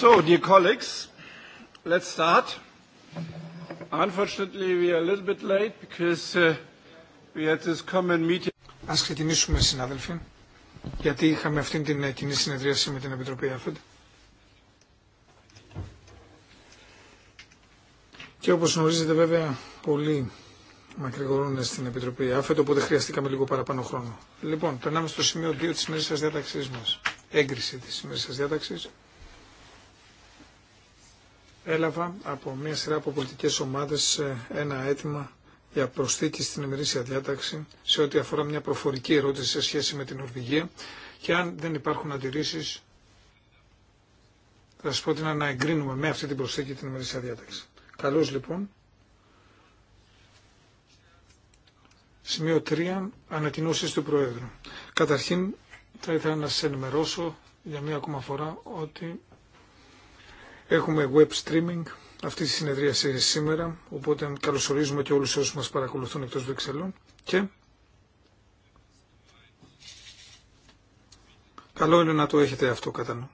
So, dear colleagues, let's start. Unfortunately, we are a little bit late because uh, we had this common meeting. Ας ξεκινήσουμε, συνάδελφοι, γιατί είχαμε αυτήν την ε, κοινή συνεδρίαση με την Επιτροπή ΑΦΕΤ. Και όπως γνωρίζετε βέβαια, πολύ μακρηγορούν στην Επιτροπή ΑΦΕΤ, οπότε χρειαστήκαμε λίγο παραπάνω χρόνο. Λοιπόν, περνάμε στο σημείο 2 της σημερινής σας διάταξής μας. Έγκριση της σημερινής σας διάταξης έλαβα από μια σειρά από πολιτικές ομάδες ε, ένα αίτημα για προσθήκη στην ημερήσια διάταξη σε ό,τι αφορά μια προφορική ερώτηση σε σχέση με την Ορβηγία και αν δεν υπάρχουν αντιρρήσει, θα σα πρότεινα να εγκρίνουμε με αυτή την προσθήκη την ημερήσια διάταξη. Καλώς λοιπόν. Σημείο 3. Ανακοινώσει του Προέδρου. Καταρχήν θα ήθελα να σα ενημερώσω για μία ακόμα φορά ότι Έχουμε web streaming αυτή τη συνεδρία σήμερα, οπότε καλωσορίζουμε και όλους όσους μας παρακολουθούν εκτός Βρυξελών και καλό είναι να το έχετε αυτό κατά νου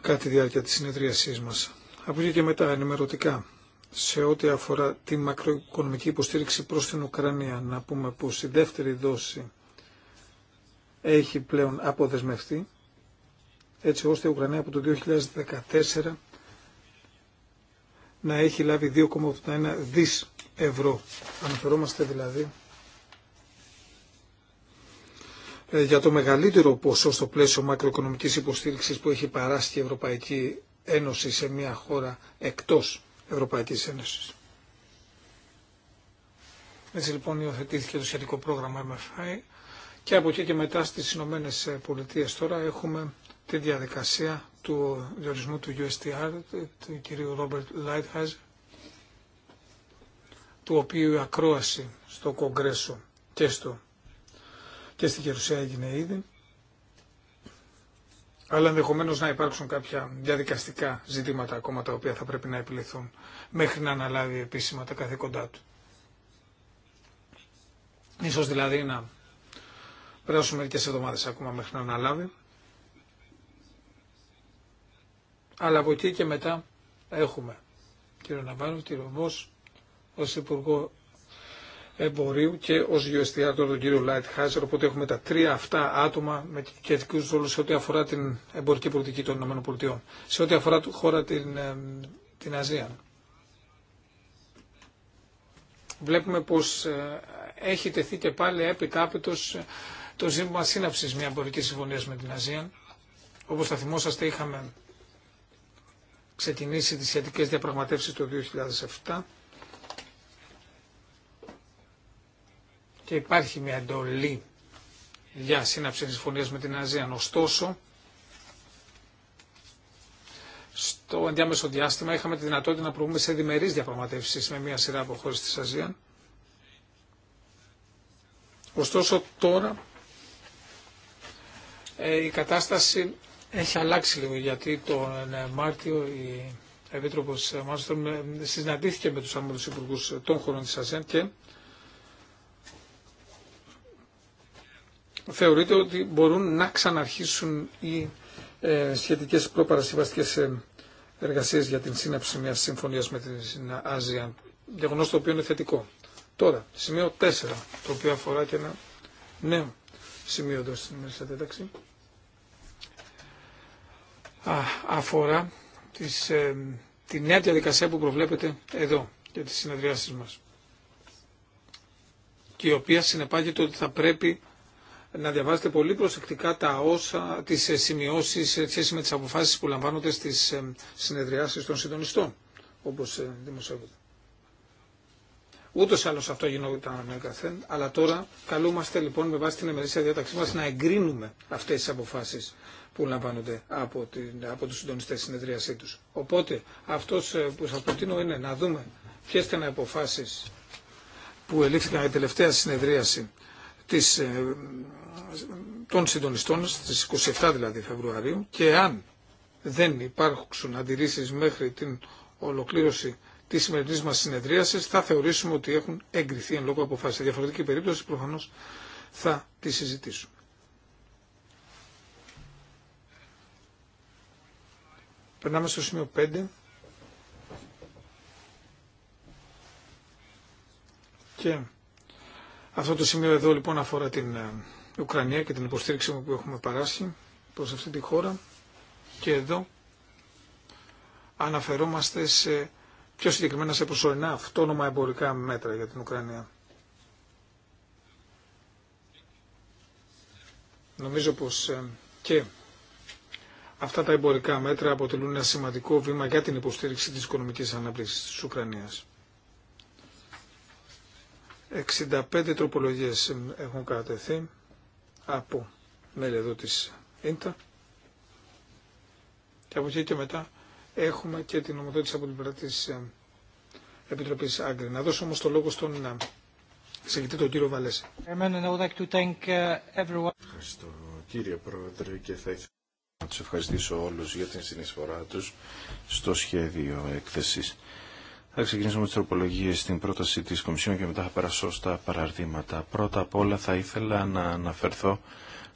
κατά τη διάρκεια της συνεδρίασής μας. Από εκεί και μετά ενημερωτικά σε ό,τι αφορά τη μακροοικονομική υποστήριξη προς την Ουκρανία να πούμε πως η δεύτερη δόση έχει πλέον αποδεσμευτεί έτσι ώστε η Ουκρανία από το 2014 να έχει λάβει 2,81 δις ευρώ. Αναφερόμαστε δηλαδή ε, για το μεγαλύτερο ποσό στο πλαίσιο μακροοικονομικής υποστήριξης που έχει παράσει η Ευρωπαϊκή Ένωση σε μια χώρα εκτός Ευρωπαϊκής Ένωσης. Έτσι λοιπόν υιοθετήθηκε το σχετικό πρόγραμμα MFI και από εκεί και μετά στις Ηνωμένε Πολιτείες τώρα έχουμε τη διαδικασία του διορισμού του USTR, του κυρίου Ρόμπερτ Λάιτχαζ, του οποίου η ακρόαση στο Κογκρέσο και, στο, και στη Γερουσία έγινε ήδη, αλλά ενδεχομένω να υπάρξουν κάποια διαδικαστικά ζητήματα ακόμα τα οποία θα πρέπει να επιληθούν μέχρι να αναλάβει επίσημα τα καθήκοντά του. Ίσως δηλαδή να περάσουν μερικές εβδομάδες ακόμα μέχρι να αναλάβει. αλλά από εκεί και μετά έχουμε κύριο Ναβάνου, κύριο Μος, ως Υπουργό Εμπορίου και ως γεωστιάτο τον κύριο Λάιτ Χάζερ, οπότε έχουμε τα τρία αυτά άτομα με κεντρικούς ρόλους σε ό,τι αφορά την εμπορική πολιτική των ΗΠΑ, σε ό,τι αφορά τη χώρα την, ε, την Αζία. Βλέπουμε πως ε, έχει τεθεί και πάλι επιτάπητος ε, το ζήτημα σύναψης μια εμπορική συμφωνία με την Αζία. Όπως θα θυμόσαστε είχαμε ξεκινήσει τις σχετικές διαπραγματεύσεις το 2007 και υπάρχει μια εντολή για σύναψη συμφωνίας με την Αζία. Ωστόσο, στο ενδιάμεσο διάστημα είχαμε τη δυνατότητα να προβούμε σε διμερείς διαπραγματεύσεις με μια σειρά από χώρες της Αζία. Ωστόσο τώρα ε, η κατάσταση έχει αλλάξει λίγο γιατί τον ε, Μάρτιο η Επίτροπο ε, Μάρτιο ε, συναντήθηκε με του αρμόδιους υπουργού των χωρών τη ΑΣΕΝ και θεωρείται ότι μπορούν να ξαναρχίσουν οι σχετικές προπαρασκευαστικές εργασίες για την σύναψη μιας συμφωνίας με την Άζια, γεγονό το οποίο είναι θετικό. Τώρα, σημείο 4, το οποίο αφορά και ένα νέο σημείο εδώ στην Μέση αφορά τις, ε, τη νέα διαδικασία που προβλέπεται εδώ για τις συνεδριάσεις μας και η οποία συνεπάγεται ότι θα πρέπει να διαβάζετε πολύ προσεκτικά τα όσα, τις ε, σημειώσεις σε σχέση με τις αποφάσεις που λαμβάνονται στις ε, συνεδριάσεις των συντονιστών, όπως δημοσιεύονται. Ούτω ή άλλω αυτό γινόταν καθέν, αλλά τώρα καλούμαστε λοιπόν με βάση την εμερήσια διάταξή μα να εγκρίνουμε αυτέ τι αποφάσει που λαμβάνονται από, την, από τους συντονιστές συνεδρίασή τους. Οπότε αυτός ε, που σας προτείνω είναι να δούμε ποιες ήταν οι αποφάσεις που ελήφθηκαν η τελευταία συνεδρίαση της, ε, των συντονιστών στις 27 δηλαδή Φεβρουαρίου και αν δεν υπάρξουν αντιρρήσεις μέχρι την ολοκλήρωση τη σημερινή μα συνεδρίασης, θα θεωρήσουμε ότι έχουν εγκριθεί εν λόγω αποφάσει. Σε διαφορετική περίπτωση, προφανώ θα τη συζητήσουμε. Περνάμε στο σημείο 5. Και αυτό το σημείο εδώ λοιπόν αφορά την ε, Ουκρανία και την υποστήριξη που έχουμε παράσει προς αυτή τη χώρα. Και εδώ αναφερόμαστε σε πιο συγκεκριμένα σε προσωρινά αυτόνομα εμπορικά μέτρα για την Ουκρανία. Νομίζω πως ε, και αυτά τα εμπορικά μέτρα αποτελούν ένα σημαντικό βήμα για την υποστήριξη της οικονομικής ανάπτυξης της Ουκρανίας. 65 τροπολογίες έχουν κατατεθεί από μέλη εδώ της ΙΝΤΑ και από εκεί και μετά έχουμε και την ομοθέτηση από την πλευρά της ε, Επιτροπής Άγκρη. Να δώσω όμως το λόγο στον ε, Συγχαρητή τον κύριο Βαλέση. Να τους ευχαριστήσω όλους για την συνεισφορά τους στο σχέδιο έκθεσης. Θα ξεκινήσουμε με τις τροπολογίες στην πρόταση της Κομισιόν και μετά θα περάσω στα παραρτήματα. Πρώτα απ' όλα θα ήθελα να αναφερθώ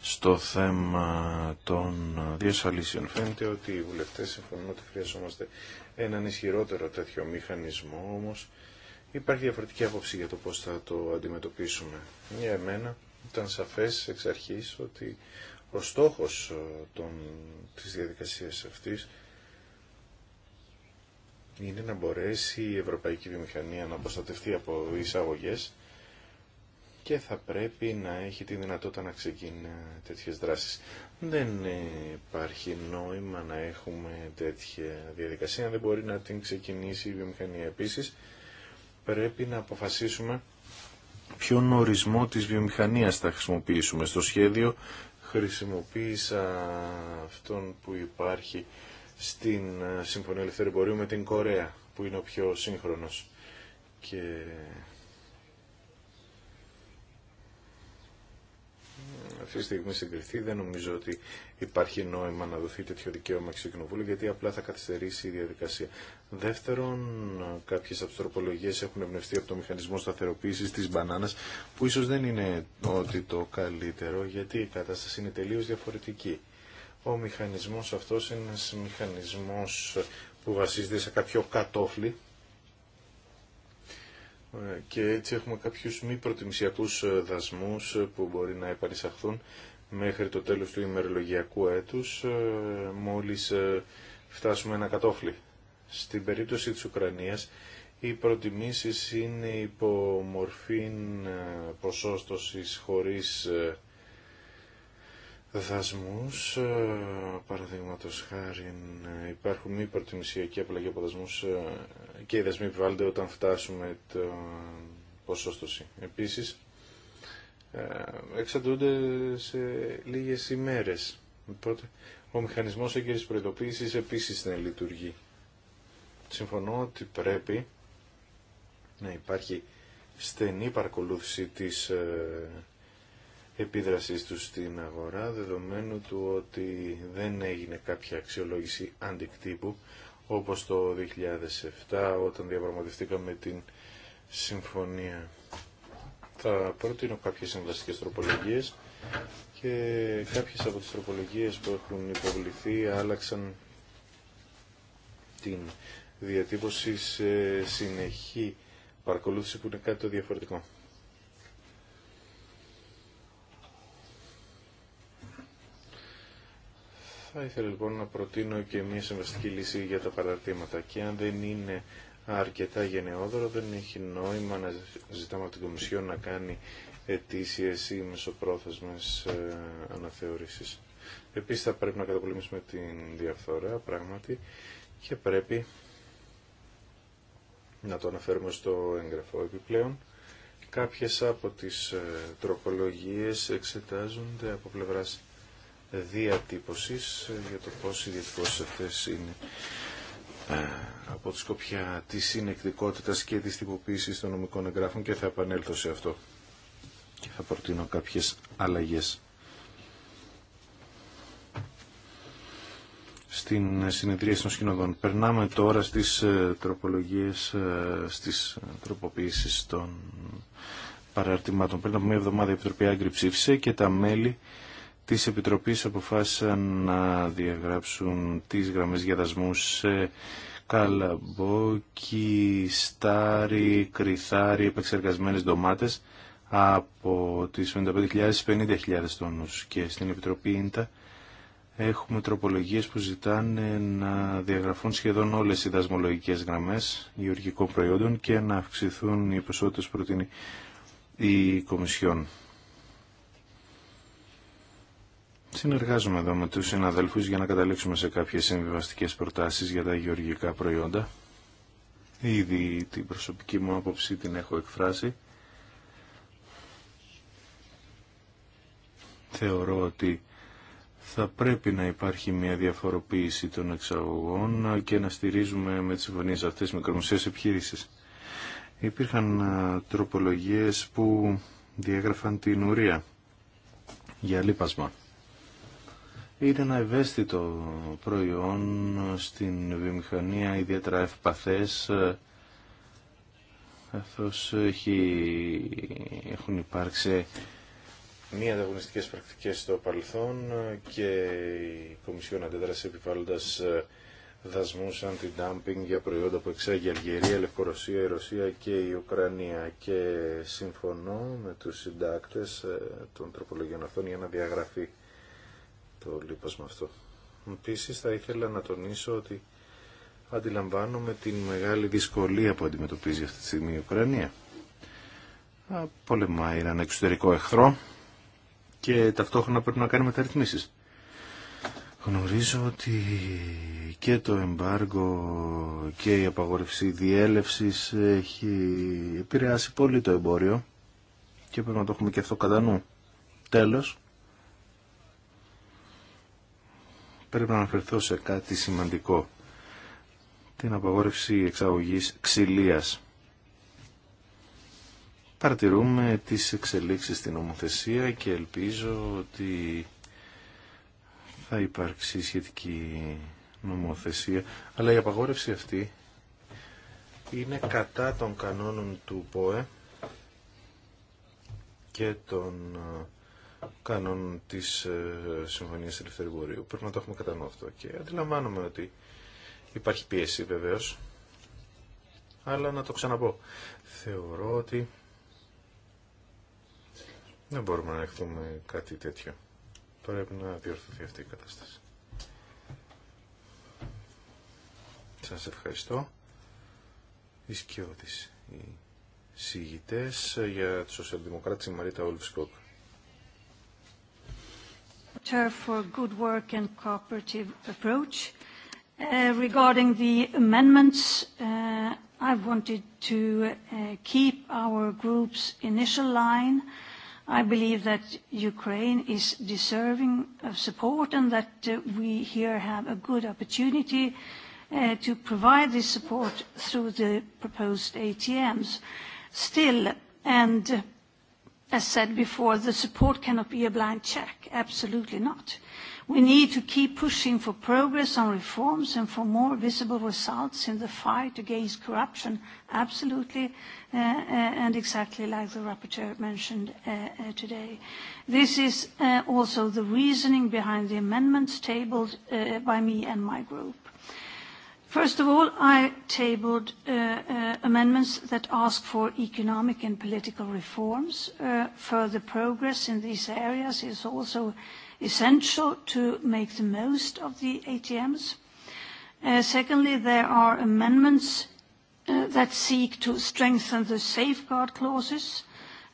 στο θέμα των διασφαλίσεων. Φαίνεται ότι οι βουλευτές συμφωνούν ότι χρειαζόμαστε έναν ισχυρότερο τέτοιο μηχανισμό, όμως υπάρχει διαφορετική άποψη για το πώς θα το αντιμετωπίσουμε. Για εμένα ήταν σαφές εξ αρχής ότι ο στόχος ε, των, της διαδικασίας αυτής είναι να μπορέσει η ευρωπαϊκή βιομηχανία να προστατευτεί από εισαγωγές και θα πρέπει να έχει τη δυνατότητα να ξεκινήσει τέτοιες δράσεις. Δεν υπάρχει νόημα να έχουμε τέτοια διαδικασία, δεν μπορεί να την ξεκινήσει η βιομηχανία. Επίσης, πρέπει να αποφασίσουμε ποιον ορισμό της βιομηχανίας θα χρησιμοποιήσουμε. Στο σχέδιο χρησιμοποίησα αυτόν που υπάρχει στην ε, Συμφωνία Ελευθερία με την Κορέα, που είναι ο πιο σύγχρονος. Και αυτή τη στιγμή συγκριθεί, δεν νομίζω ότι υπάρχει νόημα να δοθεί τέτοιο δικαίωμα στο Κοινοβούλιο, γιατί απλά θα καθυστερήσει η διαδικασία. Δεύτερον, κάποιε αυτοτροπολογίε έχουν εμπνευστεί από το μηχανισμό σταθεροποίηση τη μπανάνα, που ίσω δεν είναι ότι το καλύτερο, γιατί η κατάσταση είναι τελείω διαφορετική. Ο μηχανισμό αυτό είναι ένα μηχανισμό που βασίζεται σε κάποιο κατόφλι και έτσι έχουμε κάποιους μη προτιμησιακούς ε, δασμούς ε, που μπορεί να επανεισαχθούν μέχρι το τέλος του ημερολογιακού έτους ε, μόλις φτάσουμε ένα κατόφλι. Στην περίπτωση της Ουκρανίας οι προτιμήσεις είναι υπό μορφήν ποσόστοσης χωρίς δασμούς, ε, παραδείγματο χάρη ε, υπάρχουν μη προτιμησιακή απλαγή από δασμούς ε, και οι δασμοί επιβάλλονται όταν φτάσουμε το ποσόστοση. Επίσης, εξαντούνται σε λίγες ημέρες. Οπότε, ο μηχανισμός έγκαιρης προειδοποίησης επίσης δεν λειτουργεί. Συμφωνώ ότι πρέπει να υπάρχει στενή παρακολούθηση της επίδρασής του στην αγορά, δεδομένου του ότι δεν έγινε κάποια αξιολόγηση αντικτύπου, όπως το 2007 όταν διαπραγματευτήκαμε την συμφωνία. Θα προτείνω κάποιες συμβαστικές τροπολογίες και κάποιες από τις τροπολογίες που έχουν υποβληθεί άλλαξαν την διατύπωση σε συνεχή παρακολούθηση που είναι κάτι το διαφορετικό. Θα ήθελα λοιπόν να προτείνω και μια συμβαστική λύση για τα παραρτήματα και αν δεν είναι αρκετά γενναιόδωρο δεν έχει νόημα να ζητάμε από την Κομισιό να κάνει αιτήσει ή μεσοπρόθεσμες ε, αναθεωρήσεις. Επίσης θα πρέπει να καταπολεμήσουμε την διαφθορά πράγματι και πρέπει να το αναφέρουμε στο έγγραφο επιπλέον. Κάποιες από τις ε, τροπολογίες εξετάζονται από πλευράς διατύπωσης για το πώς οι διατυπώσεις αυτές είναι ε, από τη σκοπιά της συνεκτικότητας και της τυποποίησης των νομικών εγγράφων και θα επανέλθω σε αυτό και θα προτείνω κάποιες αλλαγές. στην συνεδρία των σκηνοδών. Περνάμε τώρα στις ε, τροπολογίες, ε, στις τροποποίησεις των παραρτημάτων. Πριν από μια εβδομάδα η Επιτροπή Άγκρη ψήφισε και τα μέλη της Επιτροπής αποφάσισαν να διαγράψουν τις γραμμές για σε καλαμπόκι, στάρι, κρυθάρι, επεξεργασμένες ντομάτες από τις 55.000 50.000 τόνους και στην Επιτροπή ΙΝΤΑ έχουμε τροπολογίες που ζητάνε να διαγραφούν σχεδόν όλες οι δασμολογικές γραμμές γεωργικών προϊόντων και να αυξηθούν οι ποσότητες προτείνει η Κομισιόν. Συνεργάζομαι εδώ με τους συναδέλφους για να καταλήξουμε σε κάποιες συμβιβαστικές προτάσεις για τα γεωργικά προϊόντα. Ήδη την προσωπική μου άποψη την έχω εκφράσει. Θεωρώ ότι θα πρέπει να υπάρχει μια διαφοροποίηση των εξαγωγών και να στηρίζουμε με τις συμφωνίες αυτές τις μικρομεσαίες Υπήρχαν τροπολογίες που διέγραφαν την ουρία για λείπασμα είναι ένα ευαίσθητο προϊόν στην βιομηχανία, ιδιαίτερα ευπαθές, καθώ έχει, έχουν υπάρξει μία ανταγωνιστικές πρακτικές στο παρελθόν και η Κομισιόν αντέδρασε επιβάλλοντας δασμούς αντι-dumping για προϊόντα που εξάγει η Αλγερία, η Λευκορωσία, Ρωσία και η Ουκρανία και συμφωνώ με τους συντάκτες ε, των τροπολογιών αυτών για να διαγραφεί το λείπασμα αυτό. Επίσης θα ήθελα να τονίσω ότι αντιλαμβάνομαι την μεγάλη δυσκολία που αντιμετωπίζει αυτή τη στιγμή η Ουκρανία. Πολεμάει έναν εξωτερικό εχθρό και ταυτόχρονα πρέπει να κάνει μεταρρυθμίσεις. Γνωρίζω ότι και το εμπάργο και η απαγορευσή διέλευσης έχει επηρεάσει πολύ το εμπόριο και πρέπει να το έχουμε και αυτό κατά νου. Τέλος, πρέπει να αναφερθώ σε κάτι σημαντικό. Την απαγόρευση εξαγωγής ξυλίας. Παρατηρούμε τις εξελίξεις στην ομοθεσία και ελπίζω ότι θα υπάρξει σχετική νομοθεσία. Αλλά η απαγόρευση αυτή είναι κατά των κανόνων του ΠΟΕ και των ε, Κανόν της ε, Συμφωνίας του Βορείου. Πρέπει να το έχουμε κατά νου αυτό. Και αντιλαμβάνομαι ότι υπάρχει πίεση βεβαίω, αλλά να το ξαναπώ. Θεωρώ ότι δεν μπορούμε να δεχτούμε κάτι τέτοιο. Πρέπει να διορθωθεί αυτή η κατάσταση. Σας ευχαριστώ. Οι οι συγητές για τους σοσιαλδημοκράτες, η Μαρίτα Ολφσκόπ for good work and cooperative approach. Regarding the amendments, I wanted to keep our group's initial line. I believe that Ukraine is deserving of support and that we here have a good opportunity to provide this support through the proposed ATMs. Still, and as said before, the support cannot be a blind check. Absolutely not. We need to keep pushing for progress on reforms and for more visible results in the fight against corruption. Absolutely, and exactly like the rapporteur mentioned today. This is also the reasoning behind the amendments tabled by me and my group. First of all, I tabled amendments that ask for economic and political reforms. Further progress in these areas is also essential to make the most of the ATMs. Secondly, there are amendments that seek to strengthen the safeguard clauses.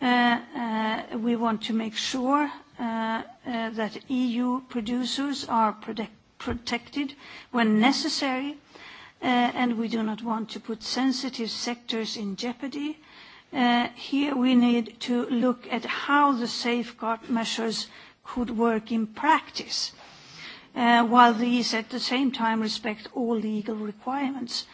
We want to make sure that EU producers are protected when necessary and we do not want to put sensitive sectors in jeopardy. Here we need to look at how the safeguard measures could work in practice, while these at the same time respect all legal requirements.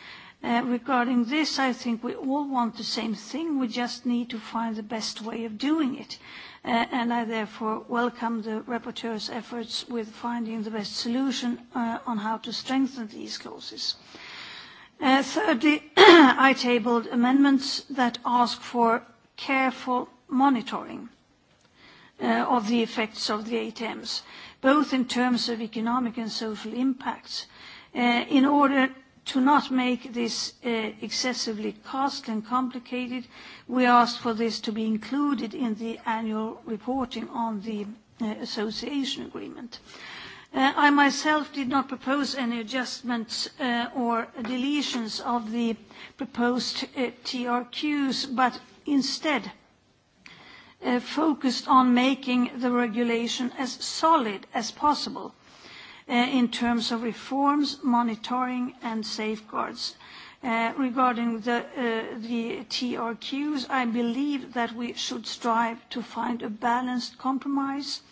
Regarding this, I think we all want the same thing. We just need to find the best way of doing it, and I therefore welcome the rapporteur's efforts with finding the best solution on how to strengthen these clauses. Thirdly, I tabled amendments that ask for careful monitoring of the effects of the ATMs, both in terms of economic and social impacts, in order to not make this excessively costly and complicated. We asked for this to be included in the annual reporting on the association agreement. I myself did not propose any adjustments or deletions of the proposed TRQs, but instead focused on making the regulation as solid as possible in terms of reforms, monitoring and safeguards. Regarding the TRQs, I believe that we should strive to find a balanced compromise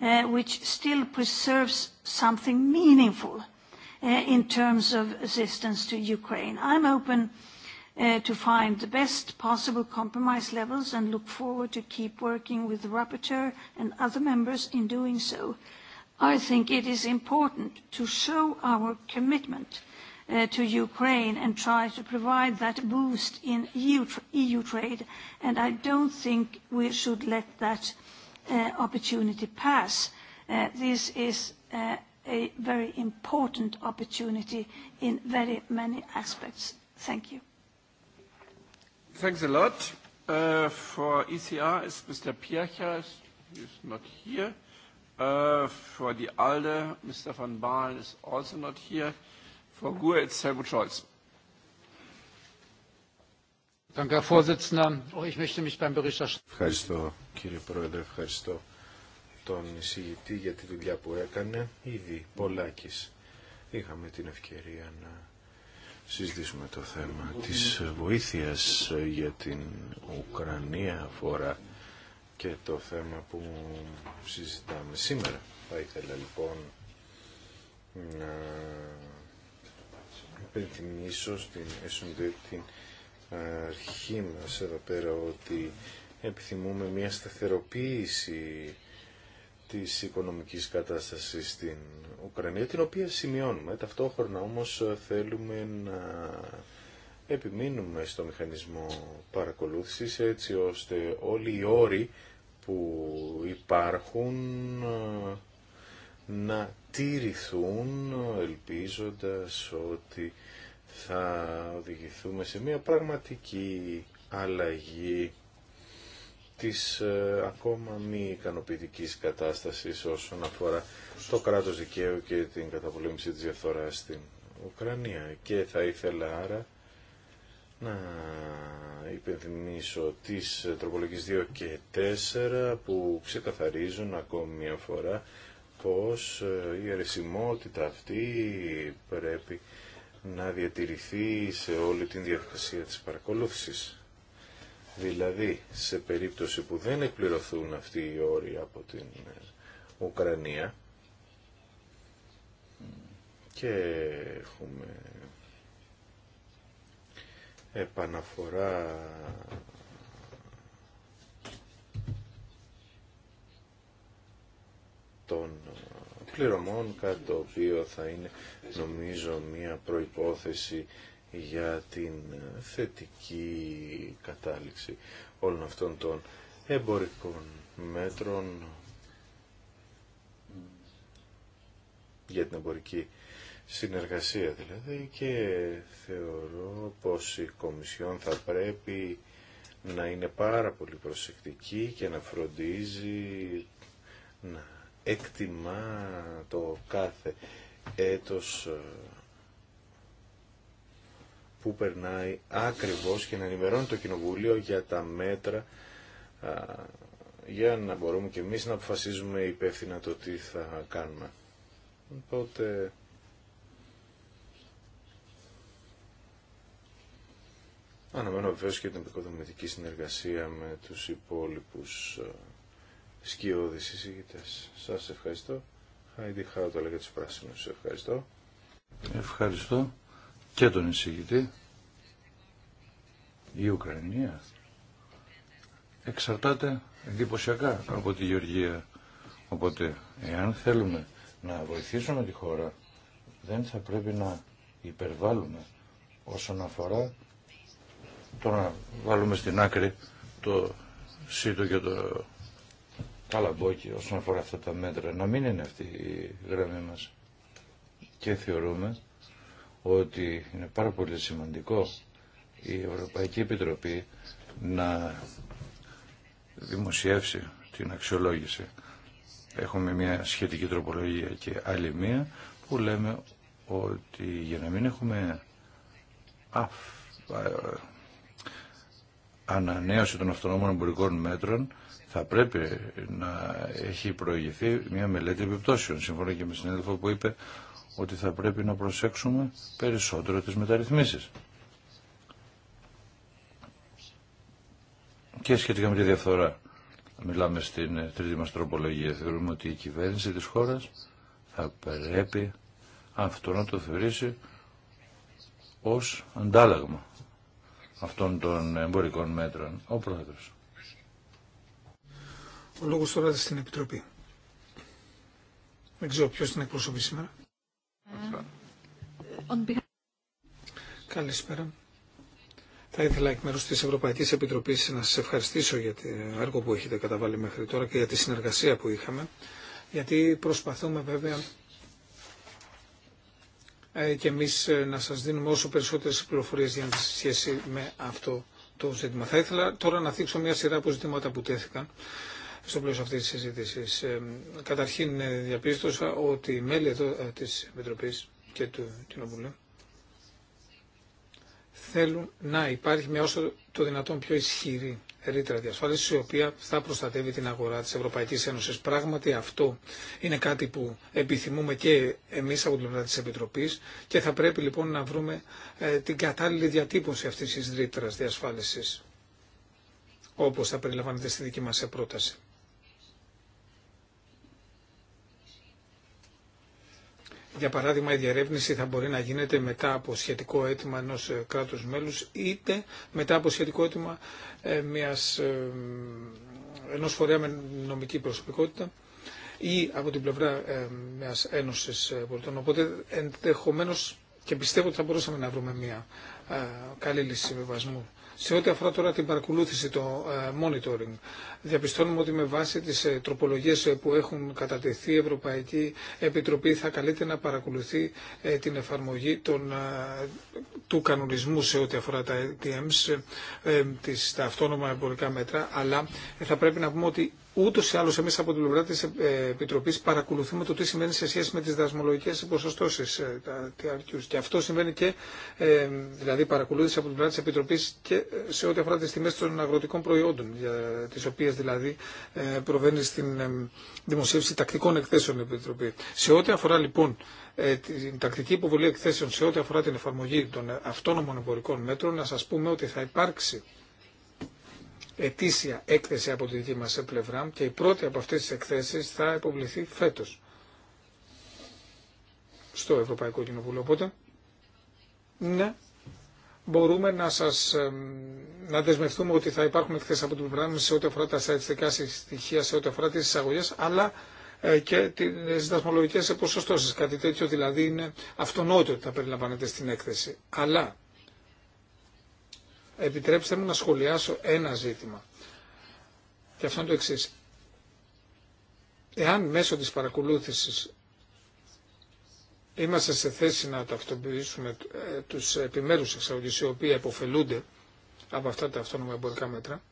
which still preserves something meaningful in terms of assistance to Ukraine. I'm open to find the best possible compromise levels and look forward to keep working with the rapporteur and other members in doing so. I think it is important to show our commitment to Ukraine and try to provide that boost in EU trade, and I don't think we should let that opportunity pass. This is a very important opportunity in very many aspects. Thank you. Thanks a lot. For ECR is Mr. Pircher. He's not here. For the ALDE, Mr. van Baalen is also not here. For GUE, it's Helmut Scholz. Ευχαριστώ κύριε Πρόεδρε, ευχαριστώ τον εισηγητή για τη δουλειά που έκανε. Ήδη πολλάκις είχαμε την ευκαιρία να συζητήσουμε το θέμα της βοήθειας για την Ουκρανία φορά και το θέμα που συζητάμε σήμερα. Θα ήθελα λοιπόν να υπενθυμίσω στην εσωτερική αρχή μας εδώ πέρα ότι επιθυμούμε μια σταθεροποίηση της οικονομικής κατάστασης στην Ουκρανία, την οποία σημειώνουμε. Ταυτόχρονα όμως θέλουμε να επιμείνουμε στο μηχανισμό παρακολούθησης έτσι ώστε όλοι οι όροι που υπάρχουν ε, να τηρηθούν ελπίζοντας ότι θα οδηγηθούμε σε μια πραγματική αλλαγή της ε, ακόμα μη ικανοποιητική κατάστασης όσον αφορά το κράτος δικαίου και την καταπολέμηση της διαφθοράς στην Ουκρανία. Και θα ήθελα άρα να υπενθυμίσω τις τροπολογίες 2 και 4 που ξεκαθαρίζουν ακόμη μια φορά πως ε, η αρισιμότητα αυτή πρέπει να διατηρηθεί σε όλη την διαδικασία της παρακολούθησης. Δηλαδή, σε περίπτωση που δεν εκπληρωθούν αυτοί οι όροι από την ε, Ουκρανία και έχουμε επαναφορά των πληρωμών, κάτι το οποίο θα είναι νομίζω μια προϋπόθεση για την θετική κατάληξη όλων αυτών των εμπορικών μέτρων για την εμπορική συνεργασία δηλαδή και θεωρώ πως η Κομισιόν θα πρέπει να είναι πάρα πολύ προσεκτική και να φροντίζει να εκτιμά το κάθε έτος ε, που περνάει ακριβώς και να ενημερώνει το Κοινοβούλιο για τα μέτρα για να μπορούμε και εμείς να αποφασίζουμε υπεύθυνα το τι θα κάνουμε. Οπότε... Αναμένω βεβαίως και την επικοδομητική συνεργασία με τους υπόλοιπους ε, σκιώδεις εισηγητές. Σας ευχαριστώ. Χάιντι τη Ευχαριστώ. Ευχαριστώ και τον εισηγητή. Η Ουκρανία εξαρτάται εντυπωσιακά από τη Γεωργία. Οπότε, εάν θέλουμε να βοηθήσουμε τη χώρα, δεν θα πρέπει να υπερβάλλουμε όσον αφορά το να βάλουμε στην άκρη το σύτο και το καλαμπόκι όσον αφορά αυτά τα μέτρα. Να μην είναι αυτή η γραμμή μας. Και θεωρούμε ότι είναι πάρα πολύ σημαντικό η Ευρωπαϊκή Επιτροπή να δημοσιεύσει την αξιολόγηση. Έχουμε μια σχετική τροπολογία και άλλη μία που λέμε ότι για να μην έχουμε ε, ανανέωση των αυτονόμων εμπορικών μέτρων θα πρέπει να έχει προηγηθεί μια μελέτη επιπτώσεων. σύμφωνα και με συνέδελφο που είπε ότι θα πρέπει να προσέξουμε περισσότερο τις μεταρρυθμίσεις. Και σχετικά με τη διαφθορά. Μιλάμε στην ε, τρίτη μας τροπολογία. Θεωρούμε ότι η κυβέρνηση της χώρας θα πρέπει αυτό να το θεωρήσει ως αντάλλαγμα αυτών των εμπορικών μέτρων. Ο Πρόεδρος. Ο λόγος τώρα στην Επιτροπή. Δεν ξέρω ποιος την εκπροσωπεί σήμερα. Καλησπέρα. Θα ήθελα εκ μέρους της Ευρωπαϊκής Επιτροπής να σας ευχαριστήσω για το έργο που έχετε καταβάλει μέχρι τώρα και για τη συνεργασία που είχαμε. Γιατί προσπαθούμε βέβαια ε, και εμεί ε, να σας δίνουμε όσο περισσότερες πληροφορίες για τη σχέση με αυτό το ζήτημα. Θα ήθελα τώρα να θίξω μια σειρά από ζητήματα που τέθηκαν στο πλαίσιο αυτής της συζήτησης. Ε, καταρχήν ε, διαπίστωσα ότι οι μέλη εδώ ε, της Επιτροπής και του Κοινοβουλίου θέλουν να υπάρχει μια όσο το δυνατόν πιο ισχυρή ρήτρα διασφάλιση, η οποία θα προστατεύει την αγορά τη Ευρωπαϊκή Ένωση. Πράγματι, αυτό είναι κάτι που επιθυμούμε και εμεί από την πλευρά τη Επιτροπή και θα πρέπει λοιπόν να βρούμε την κατάλληλη διατύπωση αυτή τη ρήτρα διασφάλιση, όπως θα περιλαμβάνεται στη δική μα πρόταση. για παράδειγμα, η διερεύνηση θα μπορεί να γίνεται μετά από σχετικό αίτημα ενό ε, κράτου μέλου, είτε μετά από σχετικό αίτημα ε, μιας, ε, ενός φορέα με νομική προσωπικότητα ή από την πλευρά μιας ένωσης πολιτών. Οπότε ενδεχομένω και πιστεύω ότι θα μπορούσαμε να βρούμε μια καλή λύση συμβιβασμού σε ό,τι αφορά τώρα την παρακολούθηση, το ε, monitoring, διαπιστώνουμε ότι με βάση τις ε, τροπολογίες ε, που έχουν κατατεθεί η Ευρωπαϊκή Επιτροπή θα καλείται να παρακολουθεί την εφαρμογή των, του κανονισμού σε ό,τι αφορά τα ATMs, τα αυτόνομα εμπορικά μέτρα, αλλά θα πρέπει να πούμε ότι Ούτω ή άλλω, εμεί από την πλευρά τη ε, Επιτροπή παρακολουθούμε το τι σημαίνει σε σχέση με τι δασμολογικέ ποσοστώσει, ε, τα TRQ. Και αυτό συμβαίνει και, ε, δηλαδή, παρακολούθηση από την πλευρά τη Επιτροπή και σε ό,τι αφορά τι τιμέ των αγροτικών προϊόντων, τι οποίε δηλαδή προβαίνει στην δημοσίευση τακτικών εκθέσεων η Επιτροπή. Σε ό,τι αφορά λοιπόν την τακτική υποβολή εκθέσεων, σε ό,τι αφορά την εφαρμογή των αυτόνομων εμπορικών μέτρων, να σα πούμε ότι θα υπάρξει ετήσια έκθεση από τη δική μας πλευρά και η πρώτη από αυτές τις εκθέσεις θα υποβληθεί φέτος στο Ευρωπαϊκό Κοινοβούλιο. Οπότε, ναι, μπορούμε να σας να δεσμευτούμε ότι θα υπάρχουν εκθέσεις από την πλευρά σε ό,τι αφορά τα στατιστικά στοιχεία, σε ό,τι αφορά τις εισαγωγές, αλλά ε, και τις δασμολογικές ποσοστώσεις. Κάτι τέτοιο δηλαδή είναι αυτονόητο ότι θα περιλαμβάνεται στην έκθεση. Αλλά επιτρέψτε μου να σχολιάσω ένα ζήτημα. Και αυτό είναι το εξή. Εάν μέσω της παρακολούθησης είμαστε σε θέση να ταυτοποιήσουμε ε, τους επιμέρους εξαγωγείς οι οποίοι αποφελούνται από αυτά τα αυτόνομα εμπορικά μέτρα,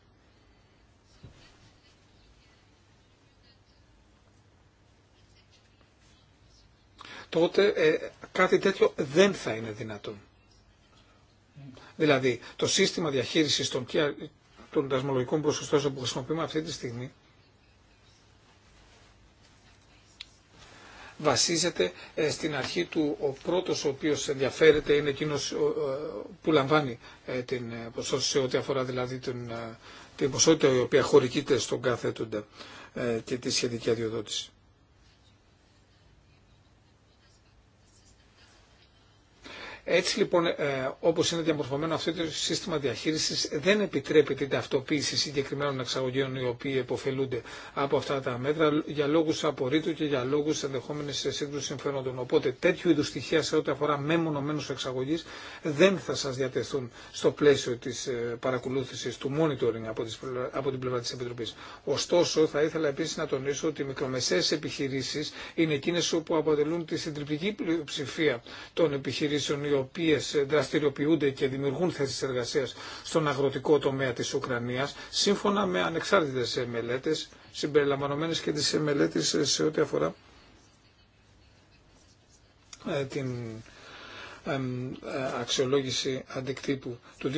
τότε ε, κάτι τέτοιο δεν θα είναι δυνατόν. Δηλαδή, το σύστημα διαχείρισης των, των δασμολογικών προσωστώσεων που χρησιμοποιούμε αυτή τη στιγμή βασίζεται ε, στην αρχή του ο πρώτος ο οποίος ενδιαφέρεται είναι εκείνος που λαμβάνει ε, την ε, ποσότητα σε ό,τι αφορά δηλαδή την, την ποσότητα η οποία χορηγείται στον κάθε ε, και τη σχετική αδειοδότηση. Έτσι λοιπόν, ε, όπως είναι διαμορφωμένο αυτό το σύστημα διαχείρισης, δεν επιτρέπει την ταυτοποίηση συγκεκριμένων εξαγωγείων... οι οποίοι εποφελούνται από αυτά τα μέτρα για λόγους απορρίτου και για λόγους ενδεχόμενης σύγκρουση συμφερόντων. Οπότε τέτοιου είδους στοιχεία σε ό,τι αφορά μεμονωμένους εξαγωγείς δεν θα σας διατεθούν στο πλαίσιο της ε, παρακολούθησης του monitoring από την πλευρά της Επιτροπής. Ωστόσο, θα ήθελα επίσης να τονίσω ότι οι μικρομεσαίες επιχειρήσεις είναι εκείνες που αποτελούν τη συντριπτική πλειοψηφία των επιχειρήσεων οι οποίε δραστηριοποιούνται και δημιουργούν θέσεις εργασίας στον αγροτικό τομέα της Ουκρανίας, σύμφωνα με ανεξάρτητες μελέτε, συμπεριλαμβανομένε και τις μελέτες σε ό,τι αφορά ε, την ε, αξιολόγηση αντικτύπου του 2016.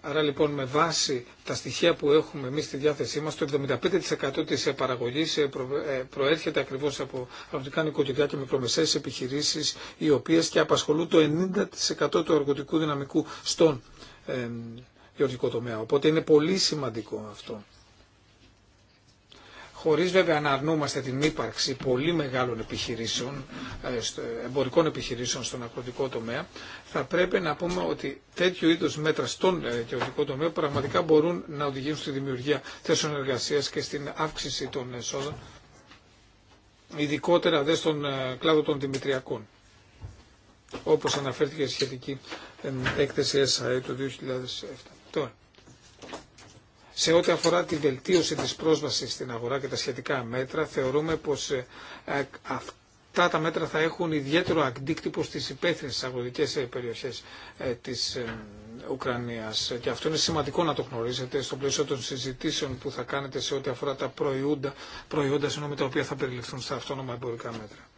Άρα λοιπόν με βάση τα στοιχεία που έχουμε εμείς στη διάθεσή μας, το 75% της παραγωγής ε, ε, προέρχεται ακριβώς από αγροτικά νοικοκυριά και μικρομεσαίες επιχειρήσεις, οι οποίες και απασχολούν το 90% του εργοτικού δυναμικού στον γεωργικό τομέα. Οπότε είναι πολύ σημαντικό αυτό χωρίς βέβαια να αρνούμαστε την ύπαρξη πολύ μεγάλων επιχειρήσεων, ε, εμπορικών επιχειρήσεων στον ακροτικό τομέα, θα πρέπει να πούμε ότι τέτοιου είδους μέτρα στον ε, ακροτικό τομέα πραγματικά μπορούν να οδηγήσουν στη δημιουργία θέσεων εργασίας και στην αύξηση των εσόδων, ειδικότερα δε στον ε, κλάδο των δημητριακών, όπως αναφέρθηκε η σχετική έκθεση ΕΣΑΕ το 2007. Τώρα, σε ό,τι αφορά τη βελτίωση της πρόσβασης στην αγορά και τα σχετικά μέτρα, θεωρούμε πως ε, αυτά τα μέτρα θα έχουν ιδιαίτερο αντίκτυπο στις υπεύθυνε αγροτικές ε, περιοχές ε, της Ουκρανίας. Και αυτό είναι σημαντικό να το γνωρίζετε στο πλαίσιο των συζητήσεων που θα κάνετε σε ό,τι αφορά τα προϊόντα, προϊόντα συγγνώμη, τα οποία θα περιληφθούν στα αυτόνομα εμπορικά μέτρα.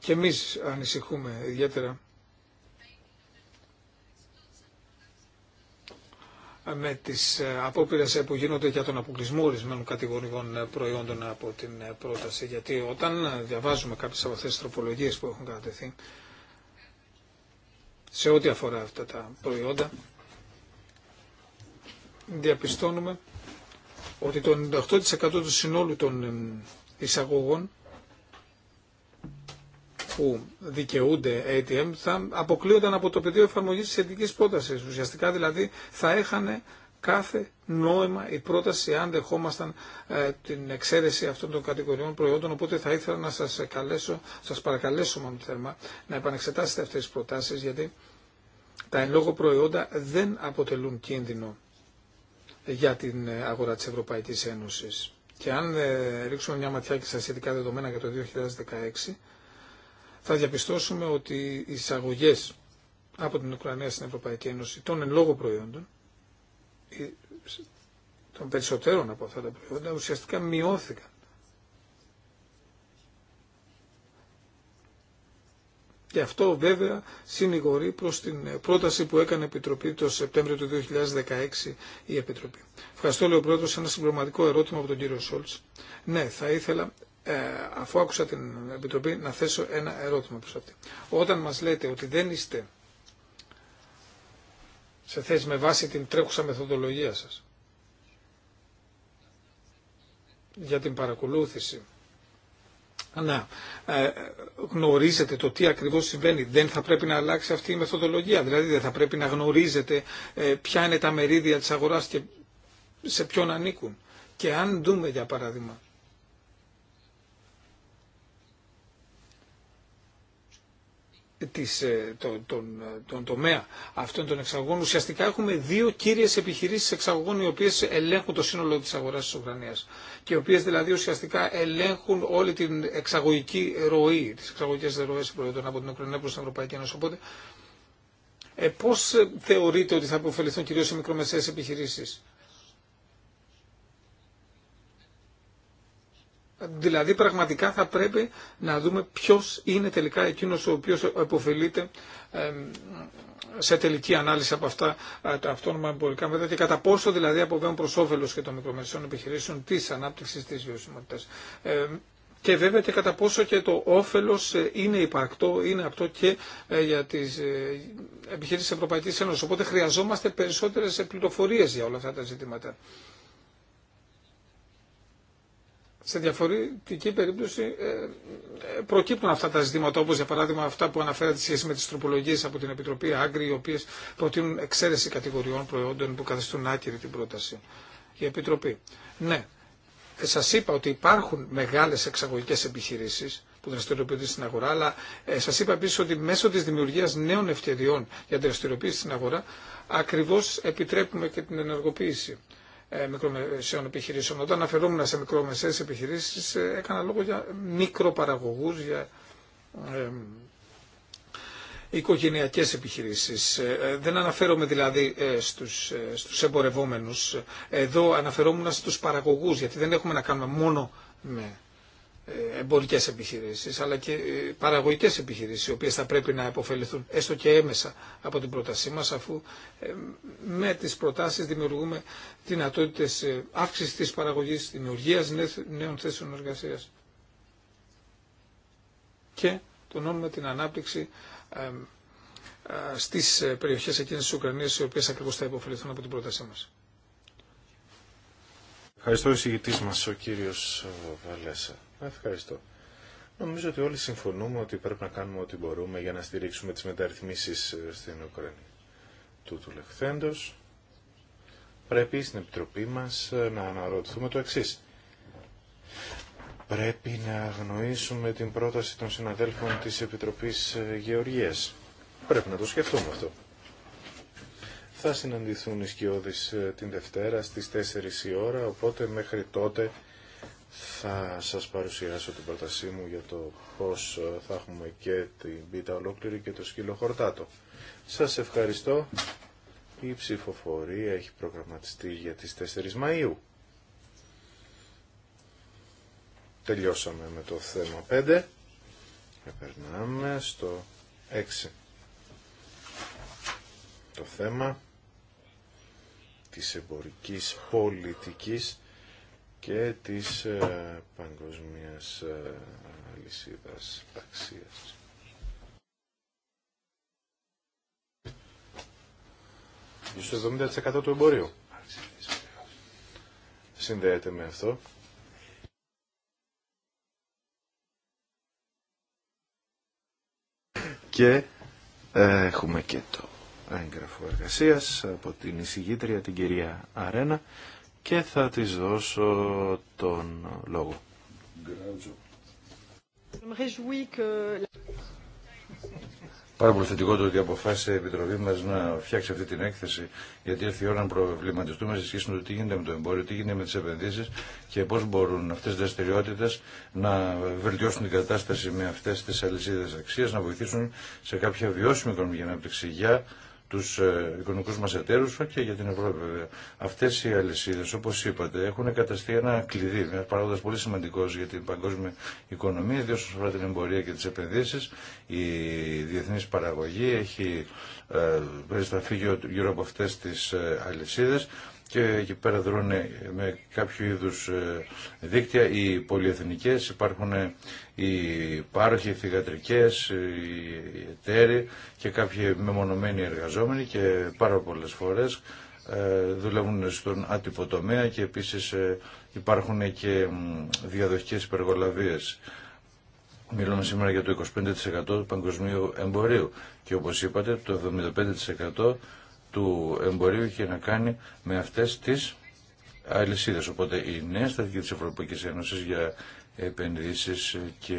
Και εμείς ανησυχούμε ιδιαίτερα με τι ε, απόπειρε ε, που γίνονται για τον αποκλεισμό ορισμένων κατηγοριών ε, προϊόντων από την πρόταση. Γιατί όταν διαβάζουμε κάποιες από αυτέ τροπολογίε που έχουν κατατεθεί, σε ό,τι αφορά αυτά τα προϊόντα, διαπιστώνουμε ότι το 98% του συνόλου των εισαγωγών που δικαιούνται ATM θα αποκλείονταν από το πεδίο εφαρμογής τη ειδική πρόταση. Ουσιαστικά δηλαδή θα έχανε κάθε νόημα η πρόταση αν δεχόμασταν ε, την εξαίρεση αυτών των κατηγοριών προϊόντων. Οπότε θα ήθελα να σας, καλέσω, σας παρακαλέσω μόνο θερμά να επανεξετάσετε αυτές τις προτάσεις γιατί τα εν λόγω προϊόντα δεν αποτελούν κίνδυνο για την ε, αγορά της Ευρωπαϊκής Ένωσης. Και αν ε, ρίξουμε μια ματιά και στα σχετικά δεδομένα για το 2016, θα διαπιστώσουμε ότι οι εισαγωγέ από την Ουκρανία στην Ευρωπαϊκή Ένωση των εν λόγω προϊόντων, των περισσότερων από αυτά τα προϊόντα, ουσιαστικά μειώθηκαν. Και αυτό βέβαια συνηγορεί προς την πρόταση που έκανε η Επιτροπή το Σεπτέμβριο του 2016 η Επιτροπή. Ευχαριστώ, λέει ο Πρόεδρος, ένα συμπληρωματικό ερώτημα από τον κύριο Σόλτς. Ναι, θα ήθελα ε, αφού άκουσα την Επιτροπή να θέσω ένα ερώτημα προς αυτή. Όταν μας λέτε ότι δεν είστε σε θέση με βάση την τρέχουσα μεθοδολογία σας για την παρακολούθηση να ε, γνωρίζετε το τι ακριβώς συμβαίνει. Δεν θα πρέπει να αλλάξει αυτή η μεθοδολογία. Δηλαδή δεν θα πρέπει να γνωρίζετε ε, ποια είναι τα μερίδια της αγοράς και σε ποιον ανήκουν. Και αν δούμε για παράδειγμα της, ε, τον, ε, τον τομέα αυτών των εξαγωγών, ουσιαστικά έχουμε δύο κύριε επιχειρήσει εξαγωγών οι οποίε ελέγχουν το σύνολο τη αγορά τη Ουκρανία. Και οι οποίε δηλαδή ουσιαστικά ελέγχουν όλη την εξαγωγική ροή, τι εξαγωγικέ ροέ προϊόντων από την Ουκρανία προ την Ευρωπαϊκή Ένωση. Οπότε, ε, πώ ε, θεωρείτε ότι θα αποφεληθούν κυρίω οι μικρομεσαίε επιχειρήσει Δηλαδή πραγματικά θα πρέπει να δούμε ποιος είναι τελικά εκείνος ο οποίος επωφελείται σε τελική ανάλυση από αυτά τα αυτόνομα εμπορικά μέτρα και κατά πόσο δηλαδή αποβαίνουν προς όφελος και των μικρομεσαίων επιχειρήσεων της ανάπτυξης της βιωσιμότητας. Και βέβαια και κατά πόσο και το όφελος ε, είναι υπαρκτό, είναι αυτό και ε, για τις ε, επιχειρήσεις της Ευρωπαϊκής Ένωσης. Οπότε χρειαζόμαστε περισσότερες πληροφορίες για όλα αυτά τα ζητήματα σε διαφορετική περίπτωση ε, ε, προκύπτουν αυτά τα ζητήματα, όπω για παράδειγμα αυτά που αναφέρατε σχέση με τι τροπολογίε από την Επιτροπή Άγκρη, οι οποίε προτείνουν εξαίρεση κατηγοριών προϊόντων που καθιστούν άκυρη την πρόταση. Η Επιτροπή. Ναι, ε, σα είπα ότι υπάρχουν μεγάλε εξαγωγικέ επιχειρήσει που δραστηριοποιούνται στην αγορά, αλλά σα σας είπα επίση ότι μέσω τη δημιουργία νέων ευκαιριών για δραστηριοποίηση στην αγορά, ακριβώ επιτρέπουμε και την ενεργοποίηση ε, μικρομεσαίων επιχειρήσεων. Όταν αναφερόμουν σε μικρομεσαίες επιχειρήσεις ε, έκανα λόγο για μικροπαραγωγούς, για οικογενειακές επιχειρήσεις. Ε, δεν αναφέρομαι δηλαδή στους, στους εμπορευόμενους. Εδώ αναφερόμουν στους παραγωγούς, γιατί δεν έχουμε να κάνουμε μόνο με εμπορικές επιχειρήσεις αλλά και ε, παραγωγικές επιχειρήσεις οι οποίες θα πρέπει να επωφεληθούν έστω και έμεσα από την πρότασή μας αφού ε, με τις προτάσεις δημιουργούμε δυνατότητε ε, αύξησης της παραγωγής δημιουργία νέων θέσεων εργασίας και τονώνουμε την ανάπτυξη στις περιοχές εκείνες της Ουκρανίας οι οποίε ακριβώ θα υποφεληθούν από την πρότασή μα. Ευχαριστώ ο μας, ο κύριος Βαλέσα. Ευχαριστώ. Νομίζω ότι όλοι συμφωνούμε ότι πρέπει να κάνουμε ό,τι μπορούμε για να στηρίξουμε τις μεταρρυθμίσεις ε, στην Ουκρανία. Τούτου λεχθέντος πρέπει στην Επιτροπή μας ε, να αναρωτηθούμε το εξής. Πρέπει να αγνοήσουμε την πρόταση των συναδέλφων της Επιτροπής ε, Γεωργίας. Πρέπει να το σκεφτούμε αυτό. Θα συναντηθούν οι σκιώδεις την Δευτέρα στις 4 η ώρα, οπότε μέχρι τότε θα σας παρουσιάσω την πρότασή μου για το πώς ε, θα έχουμε και την πίτα ολόκληρη και το σκύλο χορτάτο. Σας ευχαριστώ. Η ψηφοφορία έχει προγραμματιστεί για τις 4 Μαΐου. Τελειώσαμε με το θέμα 5 και περνάμε στο 6. Το θέμα της εμπορικής πολιτικής και της ε, παγκοσμίας ε, αλυσίδας αξίας. Στο 70% του εμπορίου συνδέεται με αυτό. Και ε, έχουμε και το έγγραφο εργασίας από την εισηγήτρια την κυρία Αρένα και θα της δώσω τον λόγο. Πάρα πολύ θετικό το ότι αποφάσισε η Επιτροπή μα να φτιάξει αυτή την έκθεση. Γιατί ήρθε η ώρα να προβληματιστούμε σε σχέση με το τι γίνεται με το εμπόριο, τι γίνεται με τι επενδύσει και πώ μπορούν αυτέ τι δραστηριότητε να βελτιώσουν την κατάσταση με αυτέ τι αλυσίδε αξία, να βοηθήσουν σε κάποια βιώσιμη οικονομική ανάπτυξη για τους ε, οικονομικούς μας εταίρους και για την Ευρώπη βέβαια. Αυτές οι αλυσίδε, όπω είπατε έχουν καταστεί ένα κλειδί, ένα παράγοντα πολύ σημαντικό για την παγκόσμια οικονομία, ιδίω όσον αφορά την εμπορία και τι επενδύσει. Η διεθνή παραγωγή έχει ε, περισταθεί γύρω από αυτές τις ε, αλυσίδε και εκεί πέρα δρούν ε, με κάποιο είδους ε, δίκτυα οι πολυεθνικές, υπάρχουν ε, οι πάροχοι, οι θηγατρικές, οι εταίροι και κάποιοι μεμονωμένοι εργαζόμενοι και πάρα πολλές φορές δουλεύουν στον άτυπο τομέα και επίσης υπάρχουν και διαδοχικές υπεργολαβίες. Μιλούμε σήμερα για το 25% του παγκοσμίου εμπορίου και όπως είπατε το 75% του εμπορίου είχε να κάνει με αυτές τις αλυσίδε. Οπότε η νέα στρατηγική τη Ευρωπαϊκή Ένωση για επενδύσεις και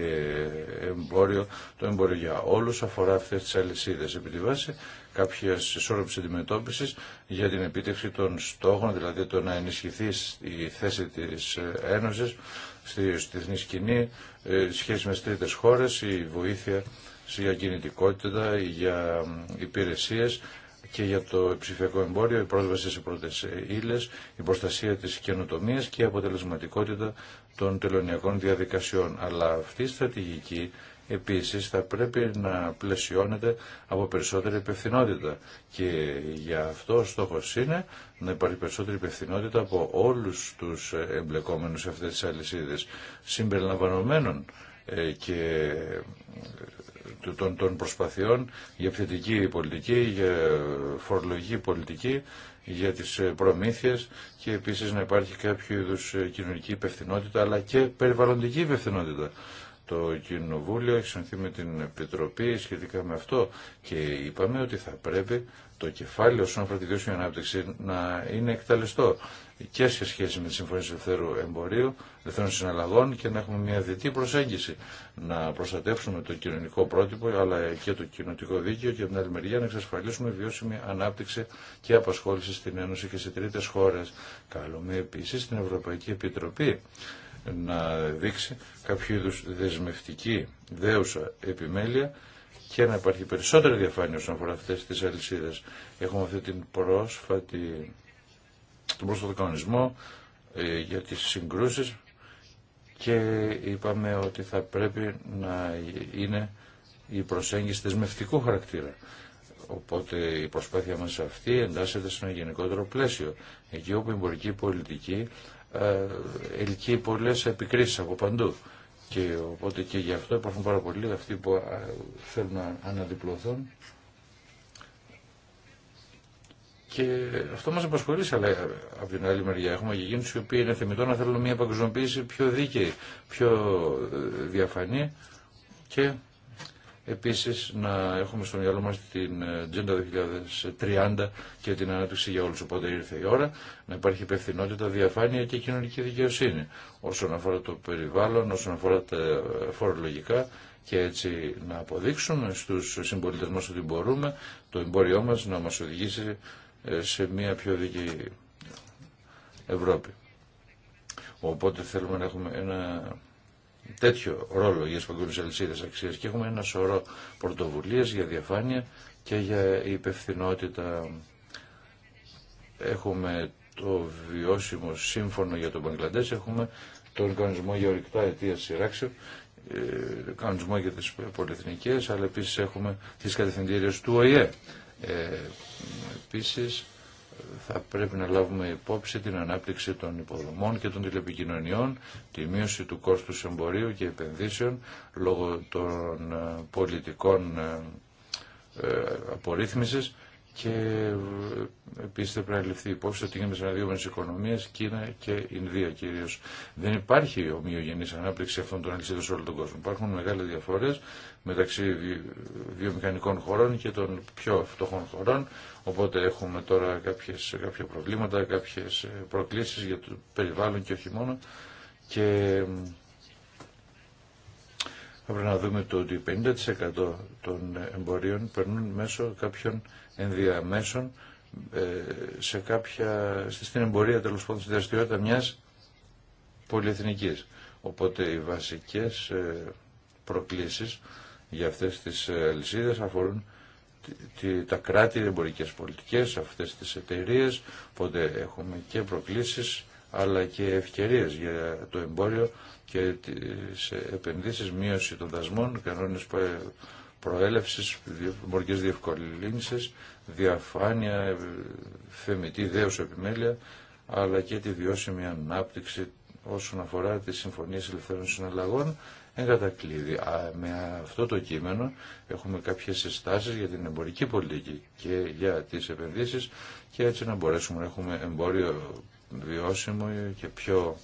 εμπόριο, το εμπόριο για όλους αφορά αυτές τις αλυσίδε, επί τη βάση κάποιας ισόρροπης αντιμετώπιση για την επίτευξη των στόχων, δηλαδή το να ενισχυθεί η θέση της Ένωση στη διεθνή σκηνή, ε, σχέση με τρίτες χώρες, η βοήθεια για κινητικότητα, για υπηρεσίες και για το ψηφιακό εμπόριο, η πρόσβαση σε πρώτε ύλε, η προστασία τη καινοτομία και η αποτελεσματικότητα των τελωνιακών διαδικασιών. Αλλά αυτή η στρατηγική επίση θα πρέπει να πλαισιώνεται από περισσότερη υπευθυνότητα. Και για αυτό ο στόχο είναι να υπάρχει περισσότερη υπευθυνότητα από όλου του εμπλεκόμενου σε αυτέ τι αλυσίδε συμπεριλαμβανομένων ε, και των, των προσπαθειών για επιθετική πολιτική, για φορολογική πολιτική, για τις ε, προμήθειες και επίσης να υπάρχει κάποιο είδους ε, κοινωνική υπευθυνότητα αλλά και περιβαλλοντική υπευθυνότητα. Το Κοινοβούλιο έχει συνθεί με την Επιτροπή σχετικά με αυτό και είπαμε ότι θα πρέπει το κεφάλαιο όσον αφορά τη βιώσιμη ανάπτυξη να είναι εκταλεστό και σε σχέση με τις συμφωνίες ελευθέρου εμπορίου, ελευθέρων συναλλαγών και να έχουμε μια διτή προσέγγιση. Να προστατεύσουμε το κοινωνικό πρότυπο αλλά και το κοινωτικό δίκαιο και από την άλλη μεριά να εξασφαλίσουμε βιώσιμη ανάπτυξη και απασχόληση στην Ένωση και σε τρίτες χώρες. Καλούμε επίσης την Ευρωπαϊκή Επιτροπή να δείξει κάποιο είδου δεσμευτική δέουσα επιμέλεια και να υπάρχει περισσότερη διαφάνεια όσον αφορά αυτές τις αλυσίδες. Έχουμε αυτή την πρόσφατη, τον πρόσφατο κανονισμό ε, για τις συγκρούσεις και είπαμε ότι θα πρέπει να είναι η προσέγγιση δεσμευτικού χαρακτήρα. Οπότε η προσπάθεια μας αυτή εντάσσεται σε ένα γενικότερο πλαίσιο. Εκεί όπου η εμπορική πολιτική ε, ελκύει πολλέ επικρίσει από παντού. Και οπότε και γι' αυτό υπάρχουν πάρα πολλοί αυτοί που ε, θέλουν να αναδιπλωθούν. Και αυτό μας απασχολεί, αλλά ε, από την άλλη μεριά έχουμε και εκείνου οι οποίοι είναι θεμητό να θέλουν μια παγκοσμιοποίηση πιο δίκαιη, πιο διαφανή και Επίσης να έχουμε στο μυαλό μας την ε, Τζέντα 2030 και την ανάπτυξη για όλους. Οπότε ήρθε η ώρα να υπάρχει υπευθυνότητα, διαφάνεια και κοινωνική δικαιοσύνη όσον αφορά το περιβάλλον, όσον αφορά τα φορολογικά και έτσι να αποδείξουμε στους συμπολίτες μας ότι μπορούμε το εμπόριό μας να μας οδηγήσει ε, σε μια πιο δική Ευρώπη. Οπότε θέλουμε να έχουμε ένα τέτοιο ρόλο για τι παγκόσμιε αλυσίδε αξία και έχουμε ένα σωρό πρωτοβουλίε για διαφάνεια και για υπευθυνότητα. Έχουμε το βιώσιμο σύμφωνο για τον Παγκλαντέ, έχουμε τον κανονισμό για ορυκτά αιτία σειράξεων, ε, κανονισμό για τι πολυεθνικέ, αλλά επίση έχουμε τι κατευθυντήριε του ΟΗΕ. Ε, επίσης, θα πρέπει να λάβουμε υπόψη την ανάπτυξη των υποδομών και των τηλεπικοινωνιών, τη μείωση του κόστους εμπορίου και επενδύσεων λόγω των ε, πολιτικών ε, ε, απορρίθμισης και ε, επίση πρέπει να ληφθεί υπόψη ότι γίνεται σε αναδυόμενε οικονομίε, Κίνα και Ινδία κυρίω. Δεν υπάρχει ομοιογενή ανάπτυξη αυτών των αλυσίδων σε όλο τον κόσμο. Υπάρχουν μεγάλε διαφορέ μεταξύ βιομηχανικών χωρών και των πιο φτωχών χωρών. Οπότε έχουμε τώρα κάποιες, κάποια προβλήματα, κάποιε προκλήσει για το περιβάλλον και όχι μόνο. Και ε, θα πρέπει να δούμε το ότι 50% των εμπορίων περνούν μέσω κάποιων ενδιαμέσων ε, σε κάποια, στην εμπορία τέλο πάντων στη δραστηριότητα μιας πολυεθνική, Οπότε οι βασικές ε, προκλήσεις για αυτές τις ε, αλυσίδε αφορούν τα κράτη, οι εμπορικέ πολιτικές, αυτές τις εταιρείε, οπότε έχουμε και προκλήσεις αλλά και ευκαιρίε για το εμπόριο και τις επενδύσεις, μείωση των δασμών, κανόνες προέλευσης, μορικές διευκολύνσεις, διαφάνεια, θεμητή δέος επιμέλεια, αλλά και τη βιώσιμη ανάπτυξη όσον αφορά τις συμφωνίες ελευθέρων συναλλαγών, εγκατακλείδη. Με αυτό το κείμενο έχουμε κάποιες συστάσεις για την εμπορική πολιτική και για τις επενδύσεις και έτσι να μπορέσουμε να έχουμε εμπόριο βιώσιμο και πιο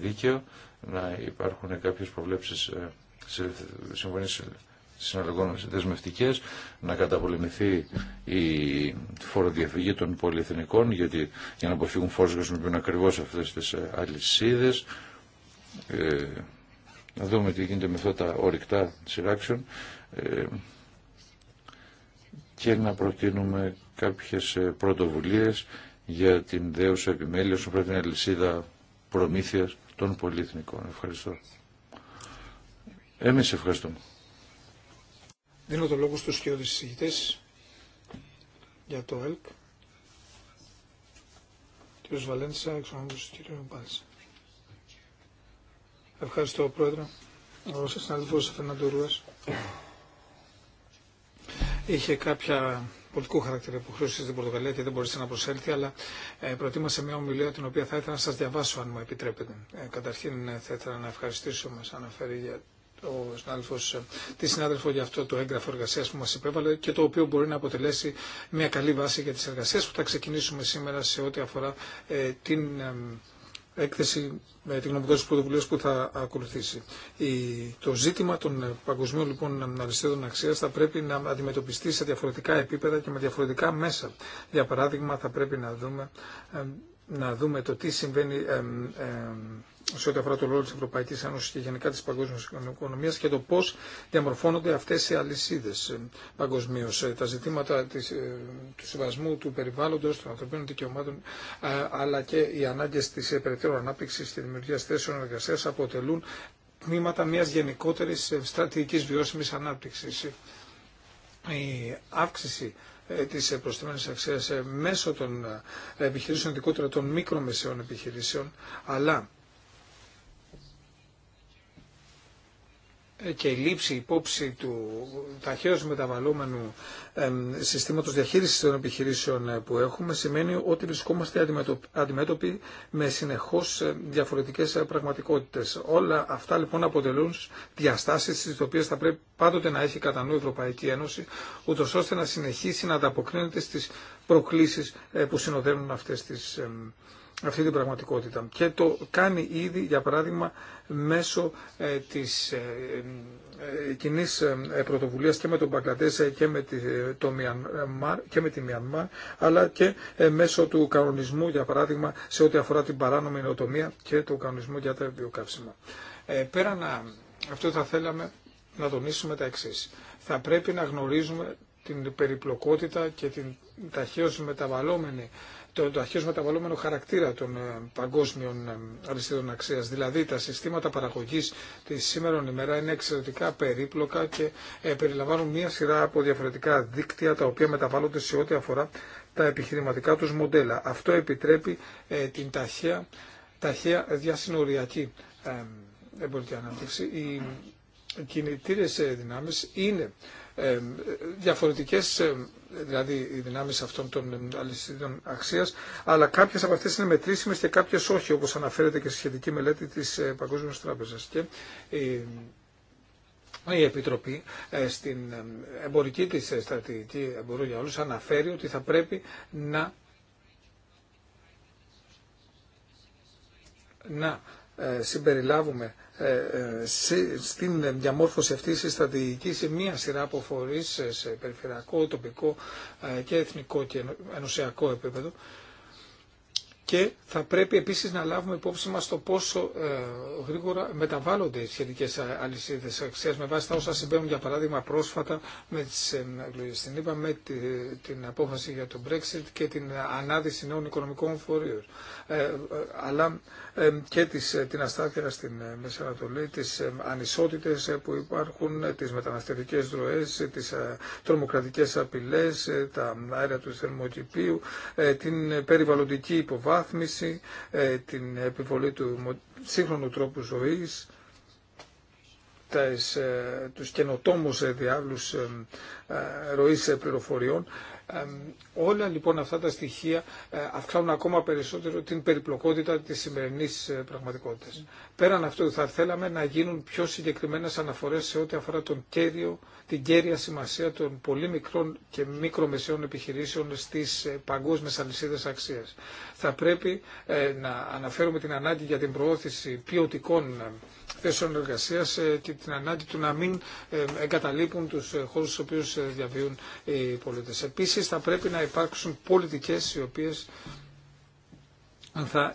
δίκαιο να υπάρχουν κάποιες προβλέψεις ε, σε συμφωνίες συναλλαγών δεσμευτικέ, να καταπολεμηθεί η φοροδιαφυγή των πολυεθνικών, γιατί για να αποφύγουν φόρου χρησιμοποιούν ακριβώ αυτέ τι ε, αλυσίδε. Ε, να δούμε τι γίνεται με αυτά τα ορυκτά σειράξεων ε, και να προτείνουμε κάποιες ε, πρωτοβουλίες για την δέουσα επιμέλεια όσο πρέπει την αλυσίδα προμήθειας των πολυεθνικών. Ευχαριστώ. Εμείς ευχαριστούμε. Δίνω το λόγο στους κύριους συζητητές για το ΕΛΚ. Κύριος Βαλέντσα, του κύριου Μπάλσα. Ευχαριστώ, Πρόεδρε. Ο συνάδελφος Φερνάντο είχε κάποια πολιτικού χαρακτήρα που χρήσε στην Πορτογαλία και δεν μπορούσε να προσέλθει, αλλά ε, προτίμασε μια ομιλία την οποία θα ήθελα να σα διαβάσω, αν μου επιτρέπετε. Ε, καταρχήν ε, θα ήθελα να ευχαριστήσω, μα αναφέρει για ο συνάδελφος, τη συνάδελφο για αυτό το έγγραφο εργασία που μα υπέβαλε και το οποίο μπορεί να αποτελέσει μια καλή βάση για τι εργασίε που θα ξεκινήσουμε σήμερα σε ό,τι αφορά την έκθεση με την γνωμοδότηση πρωτοβουλία που θα ακολουθήσει. το ζήτημα των παγκοσμίων λοιπόν αλυσίδων αξία θα πρέπει να αντιμετωπιστεί σε διαφορετικά επίπεδα και με διαφορετικά μέσα. Για παράδειγμα, θα πρέπει να δούμε ε, να δούμε το τι συμβαίνει ε, ε, σε ό,τι αφορά το ρόλο τη Ευρωπαϊκή Ένωση και γενικά τη παγκόσμια οικονομία και το πώ διαμορφώνονται αυτέ οι αλυσίδε παγκοσμίω. Ε, τα ζητήματα της, ε, του σεβασμού του περιβάλλοντο, των ανθρωπίνων δικαιωμάτων, ε, αλλά και οι ανάγκε τη περαιτέρω ανάπτυξη και δημιουργία θέσεων εργασία αποτελούν τμήματα μια γενικότερη στρατηγική βιώσιμη ανάπτυξη. Ε, Τη προστιμένη αξία ε, μέσω των ε, επιχειρήσεων, ειδικότερα των μικρομεσαίων επιχειρήσεων, αλλά και η λήψη υπόψη του ταχαίως μεταβαλλόμενου συστήματος διαχείρισης των επιχειρήσεων ε, που έχουμε σημαίνει ότι βρισκόμαστε αντιμέτωποι με συνεχώς ε, διαφορετικές ε, πραγματικότητες. Όλα αυτά λοιπόν αποτελούν διαστάσεις τις οποίες θα πρέπει πάντοτε να έχει κατά νου η Ευρωπαϊκή Ένωση ούτως ώστε να συνεχίσει να ανταποκρίνεται στις προκλήσεις που συνοδεύουν αυτές τις αυτή την πραγματικότητα. Και το κάνει ήδη, για παράδειγμα, μέσω ε, της ε, ε, κοινή πρωτοβουλία και με τον Μπαγκλαντές και με, τη, το Μιανμάρ, και με τη Μιανμάρ, αλλά και μέσω του κανονισμού, για παράδειγμα, σε ό,τι αφορά την παράνομη νοοτομία και το κανονισμό για τα βιοκαύσιμα. πέραν αυτό θα θέλαμε να τονίσουμε τα εξή. Θα πρέπει να γνωρίζουμε την περιπλοκότητα και την ταχαίως μεταβαλλόμενη το, το μεταβαλλόμενο χαρακτήρα των ε, παγκόσμιων ε, αριστερών αξία. Δηλαδή τα συστήματα παραγωγής τη σήμερα ημέρα είναι εξαιρετικά περίπλοκα και ε, περιλαμβάνουν μία σειρά από διαφορετικά δίκτυα τα οποία μεταβάλλονται σε ό,τι αφορά τα επιχειρηματικά τους μοντέλα. Αυτό επιτρέπει την ταχαία, διασυνοριακή εμπορική ανάπτυξη. Οι κινητήρες δυνάμει είναι διαφορετικές δηλαδή οι δυνάμεις αυτών των αλυσίδων αξίας, αλλά κάποιες από αυτές είναι μετρήσιμες και κάποιες όχι, όπως αναφέρεται και στη σχετική μελέτη της ε, Παγκόσμιας Τράπεζας. Και η Επιτροπή ε, στην ε, εμπορική της στρατηγική εμπορού για όλους αναφέρει ότι θα πρέπει να να ε, συμπεριλάβουμε ε, ε, στην διαμόρφωση αυτή τη στρατηγικής σε μία σειρά από φορεί σε περιφερειακό, τοπικό και εθνικό και ενωσιακό επίπεδο και θα πρέπει επίσης να λάβουμε υπόψη μας το πόσο ε, γρήγορα μεταβάλλονται οι σχετικές ε, αλυσίδες αξίας με βάση τα όσα συμβαίνουν για παράδειγμα πρόσφατα με τις ε, εκλογές στην ΕΠΑ, με την απόφαση για το Brexit και την ανάδυση νέων οικονομικών φορείων αλλά και την αστάθεια στην Μέση Ανατολή, τις ανισότητες που υπάρχουν, τις μεταναστευτικές δροές, τις τρομοκρατικές απειλές, τα αέρα του θερμοκηπίου, την περιβαλλοντική υποβάθμιση αναβάθμιση, ε, την επιβολή του σύγχρονου τρόπου ζωής, του ε, τους καινοτόμους ε, διάβλους ροής πληροφοριών. Όλα λοιπόν αυτά τα στοιχεία αυξάνουν ακόμα περισσότερο την περιπλοκότητα της σημερινής πραγματικότητας. Πέραν αυτού θα θέλαμε να γίνουν πιο συγκεκριμένες αναφορές σε ό,τι αφορά τον κέριο, την κέρια σημασία των πολύ μικρών και μικρομεσαίων επιχειρήσεων στις ε, παγκόσμιες αλυσίδες αξίας. Θα πρέπει ε, να αναφέρουμε την ανάγκη για την προώθηση ποιοτικών ε, θέσεων εργασία και την ανάγκη του να μην εγκαταλείπουν του χώρου στου οποίου διαβιούν οι πολίτε. Επίση, θα πρέπει να υπάρξουν πολιτικέ οι οποίε θα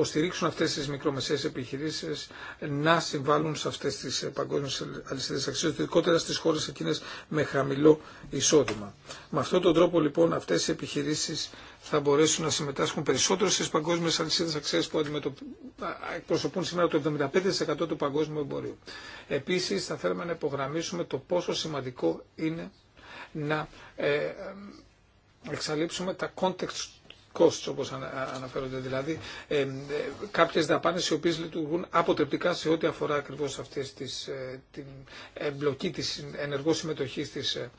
υποστηρίξουν αυτέ τι μικρομεσαίε επιχειρήσει να συμβάλλουν σε αυτέ τι ε, παγκόσμιε αλυσίδε αξία, ειδικότερα στι χώρε εκείνε με χαμηλό εισόδημα. Με αυτόν τον τρόπο λοιπόν αυτέ οι επιχειρήσει θα μπορέσουν να συμμετάσχουν περισσότερο στι παγκόσμιε αλυσίδε αξίε που εκπροσωπούν σήμερα το 75% του παγκόσμιου εμπορίου. Επίση, θα θέλαμε να υπογραμμίσουμε το πόσο σημαντικό είναι να ε, ε, εξαλείψουμε τα context costs όπως αναφέρονται δηλαδή ε, ε, κάποιες δαπάνες οι οποίες λειτουργούν αποτρεπτικά σε ό,τι αφορά ακριβώς αυτή τις, ε, την εμπλοκή της ενεργό συμμετοχής της ε,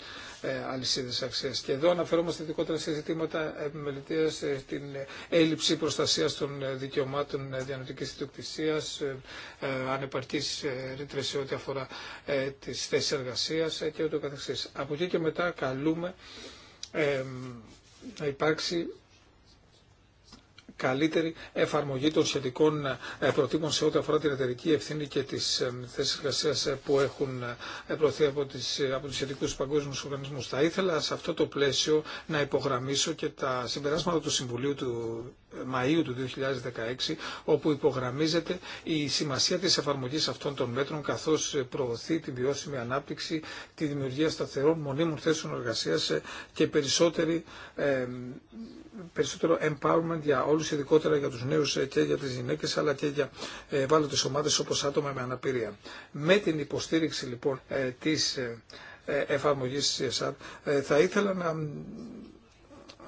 ε, αλυσίδας αξίας. Και εδώ αναφερόμαστε ειδικότερα σε ζητήματα επιμελητίας, στην έλλειψη προστασίας των δικαιωμάτων διανοητικής ιδιοκτησίας, ανεπαρκής ρήτρες σε ό,τι αφορά τις θέσεις εργασίας και ούτω καθεξής. Από εκεί και μετά καλούμε να υπάρξει καλύτερη εφαρμογή των σχετικών ε, προτύπων σε ό,τι αφορά την εταιρική ευθύνη και τι ε, θέσει εργασία ε, που έχουν προωθεί από, τις, από του σχετικού παγκόσμιου οργανισμού. Θα ήθελα σε αυτό το πλαίσιο να υπογραμμίσω και τα συμπεράσματα του Συμβουλίου του Μαΐου του 2016, όπου υπογραμμίζεται η σημασία της εφαρμογής αυτών των μέτρων, καθώς προωθεί την βιώσιμη ανάπτυξη, τη δημιουργία σταθερών μονίμων θέσεων εργασία και περισσότερη, περισσότερο empowerment για όλους ειδικότερα για τους νέους ε, και για τις γυναίκες αλλά και για ε, ευάλωτες ομάδες όπως άτομα με αναπηρία. Με την υποστήριξη λοιπόν ε, της εφαρμογής ΕΣΑΤ θα ήθελα να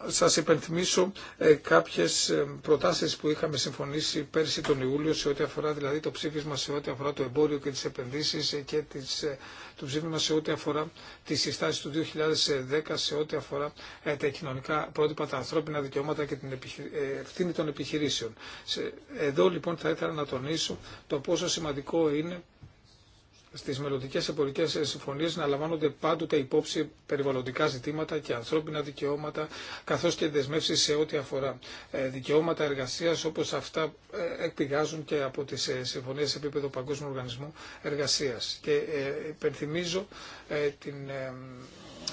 σας υπενθυμίσω ε, κάποιες ε, προτάσεις που είχαμε συμφωνήσει πέρσι τον Ιούλιο σε ό,τι αφορά δηλαδή το ψήφισμα σε ό,τι αφορά το εμπόριο και τις επενδύσεις ε, και τις, το ψήφισμα σε ό,τι αφορά τις συστάσει του 2010 σε ό,τι αφορά τα κοινωνικά πρότυπα, τα ανθρώπινα δικαιώματα και την ευθύνη των επιχειρήσεων. Εδώ λοιπόν θα ήθελα να τονίσω το πόσο σημαντικό είναι στις μελλοντικέ εμπορικέ συμφωνίε να λαμβάνονται πάντοτε υπόψη περιβαλλοντικά ζητήματα και ανθρώπινα δικαιώματα, καθώς και δεσμεύσεις σε ό,τι αφορά ε, δικαιώματα εργασίας, όπως αυτά ε, εκπηγάζουν και από τις ε, συμφωνίε σε επίπεδο Παγκόσμιου Οργανισμού Εργασίας. Και υπενθυμίζω την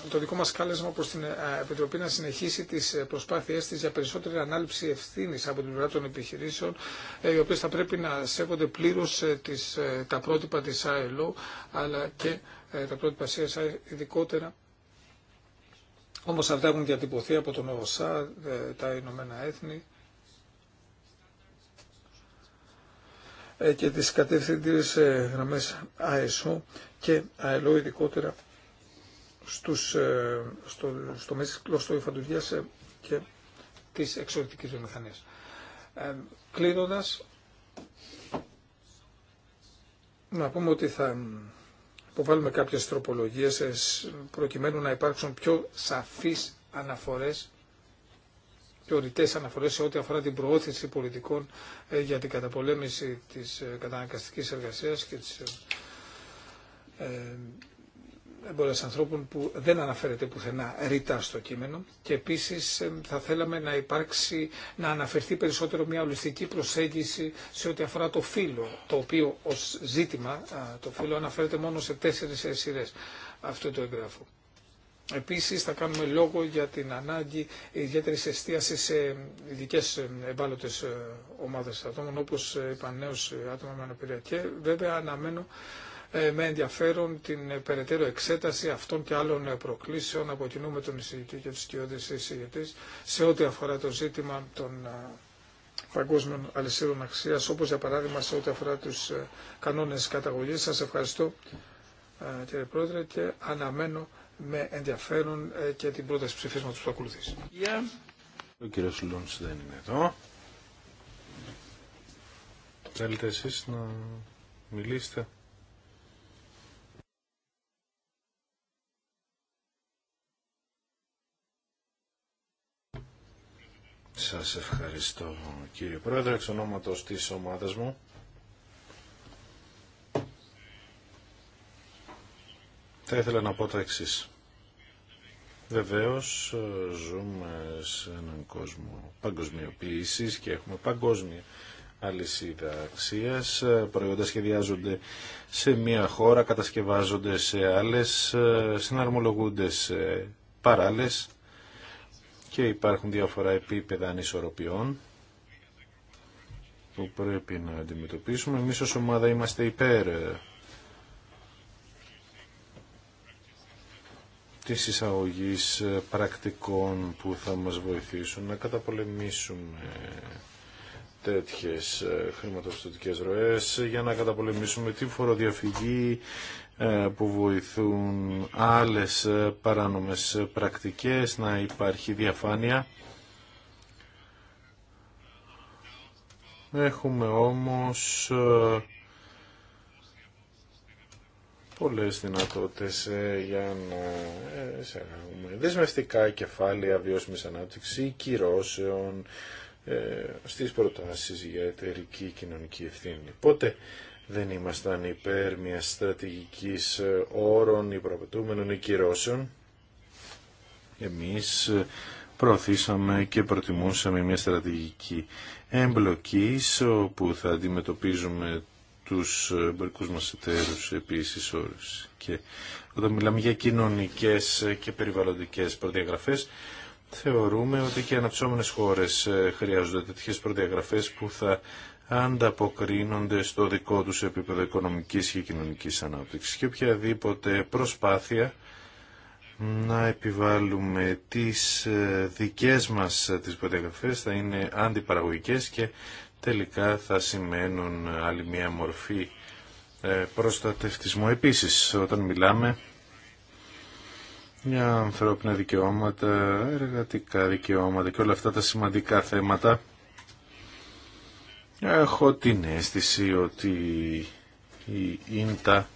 το δικό μας κάλεσμα προς την ε, Επιτροπή να συνεχίσει τις ε, προσπάθειές της για περισσότερη ανάληψη ευθύνης από την πλευρά των επιχειρήσεων, ε, οι οποίες θα πρέπει να σέβονται πλήρως τις, τα πρότυπα της ΆΕΛΟ αλλά και τα πρότυπα CSI ειδικότερα. Όμως αυτά έχουν διατυπωθεί από τον ΟΣΑ, τα Ηνωμένα Έθνη, και τις κατευθυντήρες γραμμές ΑΕΣΟ και ΑΕΛΟ ειδικότερα στους, ε, στο, στο υφαντουργίας ε, και της εξωτερικής βιομηχανίας. Ε, κλείνοντας, να πούμε ότι θα υποβάλουμε κάποιες τροπολογίες ε, προκειμένου να υπάρξουν πιο σαφείς αναφορές πιο αναφορές σε ό,τι αφορά την προώθηση πολιτικών ε, για την καταπολέμηση της καταναγκαστικής εργασίας και της εμπορία ανθρώπων που δεν αναφέρεται πουθενά ρητά στο κείμενο και επίσης ε, θα θέλαμε να υπάρξει, να αναφερθεί περισσότερο μια ολιστική προσέγγιση σε ό,τι αφορά το φύλλο, το οποίο ως ζήτημα το φύλλο αναφέρεται μόνο σε τέσσερις σειρέ Αυτό το εγγράφου. Επίσης θα κάνουμε λόγο για την ανάγκη ιδιαίτερης εστίαση σε ειδικέ ευάλωτες ε, ομάδες ατόμων όπως ε, επανέως άτομα με αναπηρία και βέβαια αναμένω ε, με ενδιαφέρον την ε, περαιτέρω εξέταση αυτών και άλλων ε, προκλήσεων από κοινού με τον εισηγητή και τους κοιόδες εισηγητής σε ό,τι αφορά το ζήτημα των παγκόσμιων αλυσίδων αξίας, όπως για παράδειγμα σε ό,τι αφορά τους κανόνες καταγωγής. Σας ευχαριστώ κύριε Πρόεδρε και αναμένω με ενδιαφέρον και την πρόταση ψηφίσματος που ακολουθήσει. Yeah. Ο κύριος Λόνς δεν είναι εδώ. Θέλετε εσείς να μιλήσετε. Σας ευχαριστώ κύριε Πρόεδρε, εξ ονόματος της ομάδας μου. Θα ήθελα να πω τα εξή. Βεβαίως ε, ζούμε σε έναν κόσμο παγκοσμιοποίησης και έχουμε παγκόσμια αλυσίδα αξίας. Ε, προϊόντα σχεδιάζονται σε μία χώρα, κατασκευάζονται σε άλλες, ε, συναρμολογούνται σε παράλλες και υπάρχουν διάφορα επίπεδα ανισορροπιών που πρέπει να αντιμετωπίσουμε. Εμείς ως ομάδα είμαστε υπέρ ε, της εισαγωγής ε, πρακτικών που θα μας βοηθήσουν να καταπολεμήσουμε ε, τέτοιες χρηματοπιστωτικές ροές για να καταπολεμήσουμε τη φοροδιαφυγή, ε, που βοηθούν άλλες ε, παράνομες πρακτικές, να υπάρχει διαφάνεια. Έχουμε όμως ε, πολλές δυνατότητες για να εισαγάγουμε δεσμευτικά κεφάλαια βιώσιμης ανάπτυξη, κυρώσεων, στις προτάσεις για εταιρική κοινωνική ευθύνη. Πότε; δεν ήμασταν υπέρ μιας στρατηγικής ε, όρων ή προπετούμενων ή κυρώσεων. Εμείς ε, προωθήσαμε και προτιμούσαμε μια στρατηγική εμπλοκής όπου θα αντιμετωπίζουμε τους ε, εμπορικούς μας εταίρους επίσης όρους. Και όταν μιλάμε για κοινωνικές και περιβαλλοντικές προδιαγραφές, θεωρούμε ότι και οι χώρες χρειάζονται τέτοιες προδιαγραφές που θα ανταποκρίνονται στο δικό τους επίπεδο οικονομικής και κοινωνικής ανάπτυξης και οποιαδήποτε προσπάθεια να επιβάλλουμε τις ε, δικές μας ε, τις προδιαγραφές θα είναι αντιπαραγωγικές και τελικά θα σημαίνουν ε, άλλη μια μορφή προστατευτισμού. Επίσης, όταν μιλάμε για ανθρώπινα δικαιώματα, εργατικά δικαιώματα και όλα αυτά τα σημαντικά θέματα Έχω την αίσθηση ότι η ίντα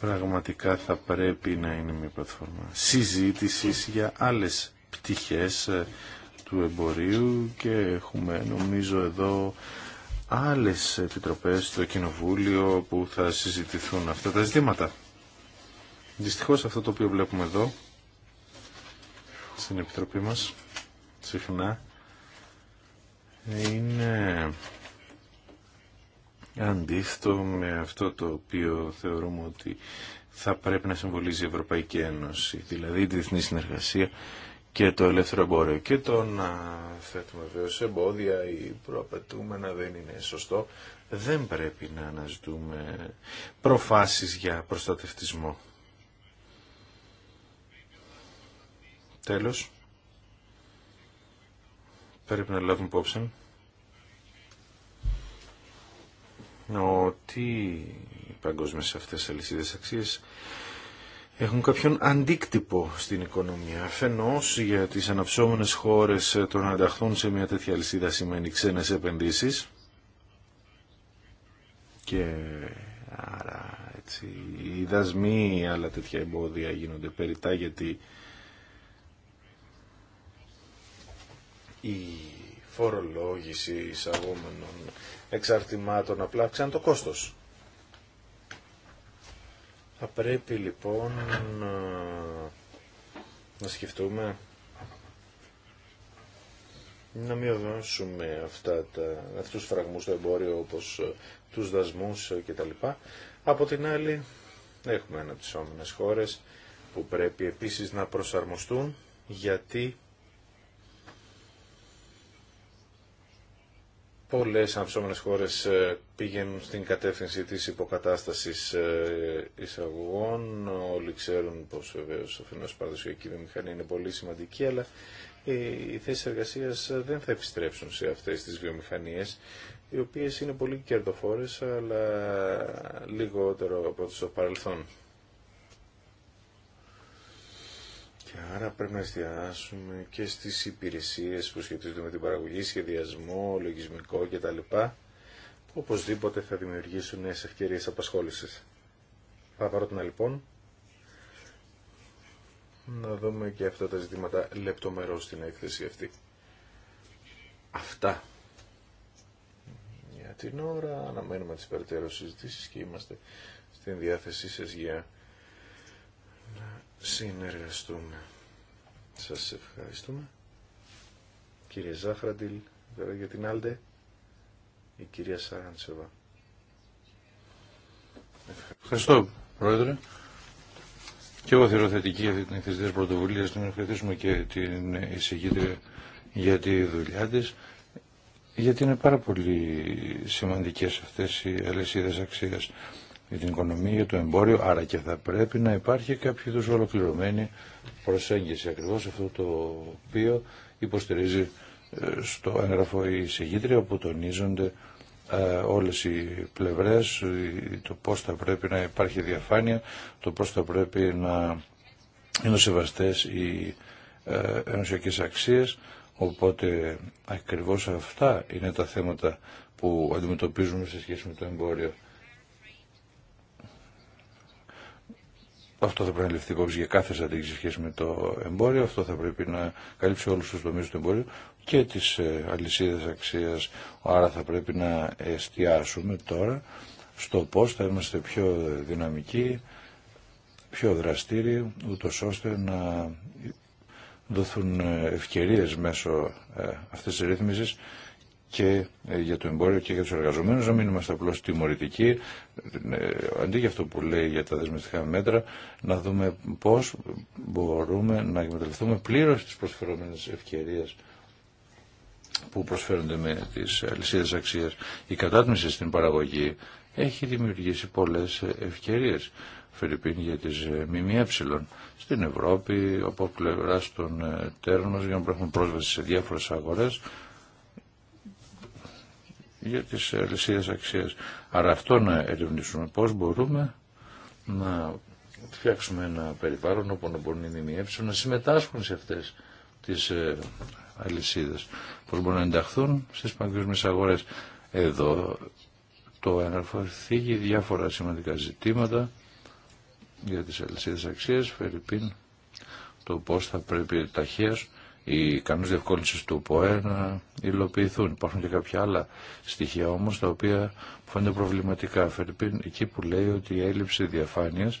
πραγματικά θα πρέπει να είναι μια πλατφόρμα συζήτησης για άλλες πτυχές ε, του εμπορίου και έχουμε νομίζω εδώ άλλες επιτροπές στο Κοινοβούλιο που θα συζητηθούν αυτά τα ζητήματα. Δυστυχώς αυτό το οποίο βλέπουμε εδώ στην Επιτροπή μας συχνά είναι αντίθετο με αυτό το οποίο θεωρούμε ότι θα πρέπει να συμβολίζει η Ευρωπαϊκή Ένωση, δηλαδή τη διεθνή συνεργασία και το ελεύθερο εμπόριο. Και το να θέτουμε σε εμπόδια ή προαπαιτούμενα δεν είναι σωστό. Δεν πρέπει να αναζητούμε προφάσεις για προστατευτισμό. Τέλος, πρέπει να λάβουμε υπόψη ότι οι παγκόσμιες αυτές αλυσίδες αξίες έχουν κάποιον αντίκτυπο στην οικονομία. Αφενό για τις αναψώμενες χώρες ε, το να ανταχθούν σε μια τέτοια αλυσίδα σημαίνει ξένε επενδύσεις και άρα έτσι, οι δασμοί άλλα τέτοια εμπόδια γίνονται περιτά γιατί η φορολόγηση εισαγόμενων εξαρτημάτων, απλά ξανά το κόστος. Θα πρέπει λοιπόν ε, να σκεφτούμε να μειώσουμε αυτά τα, αυτούς τους φραγμούς στο εμπόριο όπως ε, τους δασμούς ε, κτλ. Από την άλλη έχουμε αναπτυσσόμενες χώρες που πρέπει επίσης να προσαρμοστούν γιατί πολλές αμφισόμενες χώρες ε, πήγαινουν στην κατεύθυνση της υποκατάστασης ε, εισαγωγών. Όλοι ξέρουν πως βεβαίω ο η παραδοσιακή βιομηχανία είναι πολύ σημαντική, αλλά οι θέσει εργασία ε, δεν θα επιστρέψουν σε αυτές τις βιομηχανίες, οι οποίες είναι πολύ κερδοφόρες, αλλά λιγότερο από το παρελθόν. Και άρα πρέπει να εστιάσουμε και στις υπηρεσίες που σχετίζονται με την παραγωγή, σχεδιασμό, λογισμικό κτλ. που οπωσδήποτε θα δημιουργήσουν νέες ευκαιρίες απασχόλησης. Θα παρότεινα λοιπόν να δούμε και αυτά τα ζητήματα λεπτομερώς στην έκθεση αυτή. Αυτά. Για την ώρα αναμένουμε τις περαιτέρω συζητήσεις και είμαστε στην διάθεσή σας για συνεργαστούμε. Σας ευχαριστούμε. Κύριε Ζάχραντιλ, για την Άλτε, η κυρία Σάραντσεβα. Ευχαριστώ, Πρόεδρε. Και εγώ θεωρώ θετική αυτή την εκθεσία της πρωτοβουλίας, να ευχαριστήσουμε και την εισηγήτρια για τη δουλειά τη γιατί είναι πάρα πολύ σημαντικές αυτές οι αλυσίδες αξίας για την οικονομία, για το εμπόριο, άρα και θα πρέπει να υπάρχει κάποιο είδου ολοκληρωμένη προσέγγιση. Ακριβώ αυτό το οποίο υποστηρίζει ε, στο έγγραφο η συγγήτρια που τονίζονται ε, όλες οι πλευρές, ε, το πώς θα πρέπει να υπάρχει διαφάνεια, το πώς θα πρέπει να είναι σεβαστές οι ενωσιακές αξίες, οπότε ακριβώς αυτά είναι τα θέματα που αντιμετωπίζουμε σε σχέση με το εμπόριο. Αυτό θα πρέπει να ληφθεί υπόψη για κάθε στρατηγική σχέση με το εμπόριο. Αυτό θα πρέπει να καλύψει όλου του τομεί του εμπόριου και τι ε, αλυσίδε αξία. Άρα θα πρέπει να εστιάσουμε τώρα στο πώ θα είμαστε πιο δυναμικοί, πιο δραστήριοι, ούτω ώστε να δοθούν ευκαιρίε μέσω ε, αυτή τη ρύθμιση και ε, για το εμπόριο και για του εργαζόμενου. να μην είμαστε απλώς τιμωρητικοί, ε, αντί για αυτό που λέει για τα δεσμευτικά μέτρα, να δούμε πώ μπορούμε να εκμεταλλευτούμε πλήρω τι προσφερόμενε ευκαιρίε που προσφέρονται με τι αλυσίδε αξία. Η κατάτμιση στην παραγωγή έχει δημιουργήσει πολλέ ευκαιρίε Φερρυπίν για τι ε, ΜΜΕ στην Ευρώπη, από πλευρά των τέρνων για να έχουμε πρόσβαση σε διάφορε αγορέ για τις αλυσίδες ε, αξίες. Άρα αυτό να ερευνήσουμε πώς μπορούμε να φτιάξουμε ένα περιβάλλον όπου να μπορούν οι ΜΜΕ να συμμετάσχουν σε αυτές τις ε, αλυσίδες. Πώς μπορούν να ενταχθούν στις παγκόσμιες αγορές. Εδώ το έγγραφο θίγει διάφορα σημαντικά ζητήματα για τις αλυσίδες αξίες, Φερρυπίν το πώς θα πρέπει ταχείας οι ικανού διευκόλυνση του ΠΟΕ να υλοποιηθούν. Υπάρχουν και κάποια άλλα στοιχεία όμω τα οποία φαίνονται προβληματικά. Φερρυπίν, εκεί που λέει ότι η έλλειψη διαφάνεια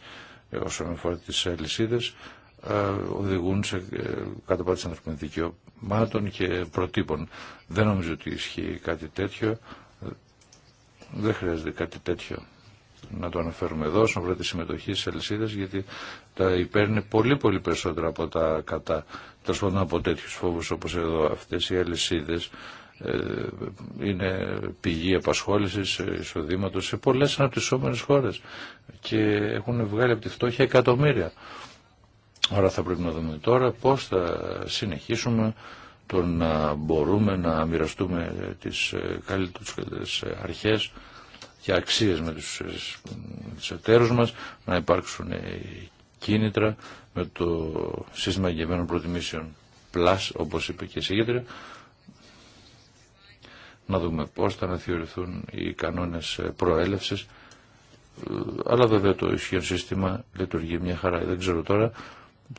ε, όσον αφορά τι αλυσίδε ε, οδηγούν σε ε, καταπάτηση ανθρωπίνων δικαιωμάτων και προτύπων. Δεν νομίζω ότι ισχύει κάτι τέτοιο. Δεν χρειάζεται κάτι τέτοιο να το αναφέρουμε εδώ, όσον αφορά τη συμμετοχή στι αλυσίδε, γιατί τα υπέρνει πολύ πολύ περισσότερα από τα κατά τέλο πάντων από τέτοιου φόβου, όπω εδώ αυτέ οι αλυσίδε ε, είναι πηγή απασχόληση ε, εισοδήματο σε πολλές αναπτυσσόμενε χώρες και έχουν βγάλει από τη φτώχεια εκατομμύρια. Άρα θα πρέπει να δούμε τώρα πώς θα συνεχίσουμε το να μπορούμε να μοιραστούμε τις ε, καλύτερε αρχές και αξίες με τους εταίρους μας, να υπάρξουν κίνητρα με το σύστημα εγγεμένων προτιμήσεων πλάς, όπως είπε και η συγκέντρια, να δούμε πώς θα αναθεωρηθούν οι κανόνες προέλευσης, αλλά βέβαια το ισχυρό σύστημα λειτουργεί μια χαρά. Δεν ξέρω τώρα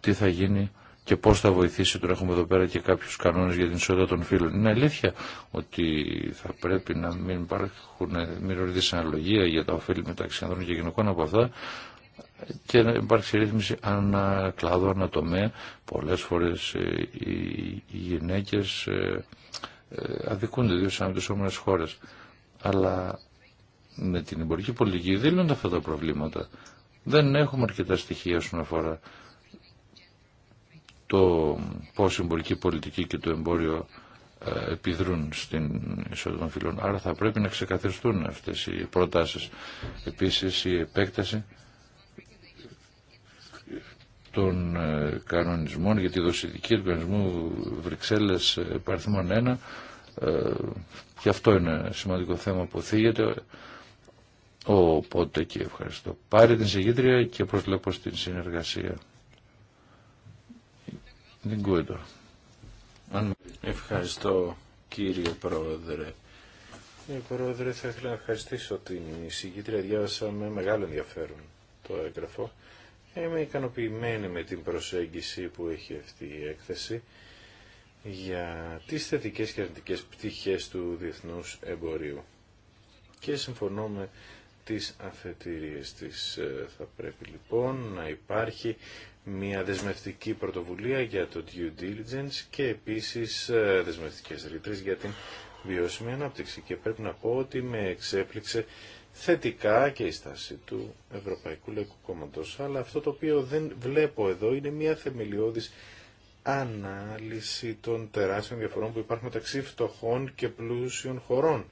τι θα γίνει και πώς θα βοηθήσει τώρα έχουμε εδώ πέρα και κάποιους κανόνες για την ισότητα των φύλων. Είναι αλήθεια ότι θα πρέπει να μην υπάρχουν μυρωδής αναλογία για τα ωφέλη μεταξύ ανδρών και γυναικών από αυτά, και να υπάρξει ρύθμιση ανά κλάδο, ανά τομέα. Πολλές φορές ε, οι γυναίκες ε, ε, αδικούνται δύο σαν τις χώρες. Αλλά με την εμπορική πολιτική δίνονται αυτά τα προβλήματα. Δεν έχουμε αρκετά στοιχεία όσον αφορά το πώς η εμπορική πολιτική και το εμπόριο επιδρούν στην ισότητα των φυλών. Άρα θα πρέπει να ξεκαθαριστούν αυτές οι προτάσεις. Επίσης η επέκταση των ε, κανονισμών για τη δοσητική οργανισμού Βρυξέλλες ε, παρθμόν 1 ε, και αυτό είναι σημαντικό θέμα που θίγεται οπότε και ευχαριστώ πάρε την συγκίτρια και προσλέπω στην συνεργασία την Ευχαριστώ κύριε Πρόεδρε Κύριε Πρόεδρε θα ήθελα να ευχαριστήσω την συγκίτρια διάβασα με μεγάλο ενδιαφέρον το έγγραφο Είμαι ικανοποιημένη με την προσέγγιση που έχει αυτή η έκθεση για τις θετικές και αρνητικές πτυχές του διεθνούς εμπορίου. Και συμφωνώ με τις αφετηρίες της. Ε, θα πρέπει λοιπόν να υπάρχει μια δεσμευτική πρωτοβουλία για το due diligence και επίσης ε, δεσμευτικές ρήτρες για την βιώσιμη ανάπτυξη. Και πρέπει να πω ότι με εξέπληξε θετικά και η στάση του Ευρωπαϊκού Λαϊκού Κόμματος. Αλλά αυτό το οποίο δεν βλέπω εδώ είναι μια θεμελιώδης ανάλυση των τεράστιων διαφορών που υπάρχουν μεταξύ φτωχών και πλούσιων χωρών.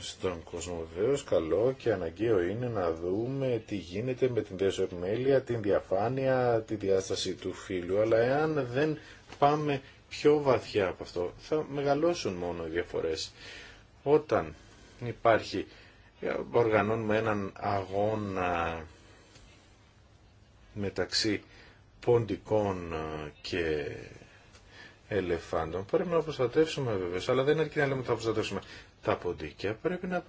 Στον κόσμο βεβαίω καλό και αναγκαίο είναι να δούμε τι γίνεται με την επιμέλεια την διαφάνεια, τη διάσταση του φίλου, αλλά εάν δεν πάμε πιο βαθιά από αυτό θα μεγαλώσουν μόνο οι διαφορές. Όταν υπάρχει. Ε, οργανώνουμε έναν αγώνα μεταξύ ποντικών ε, και ελεφάντων. Πρέπει να προστατεύσουμε βέβαια, αλλά δεν αρκεί να λέμε ότι θα προστατεύσουμε τα ποντίκια. Πρέπει να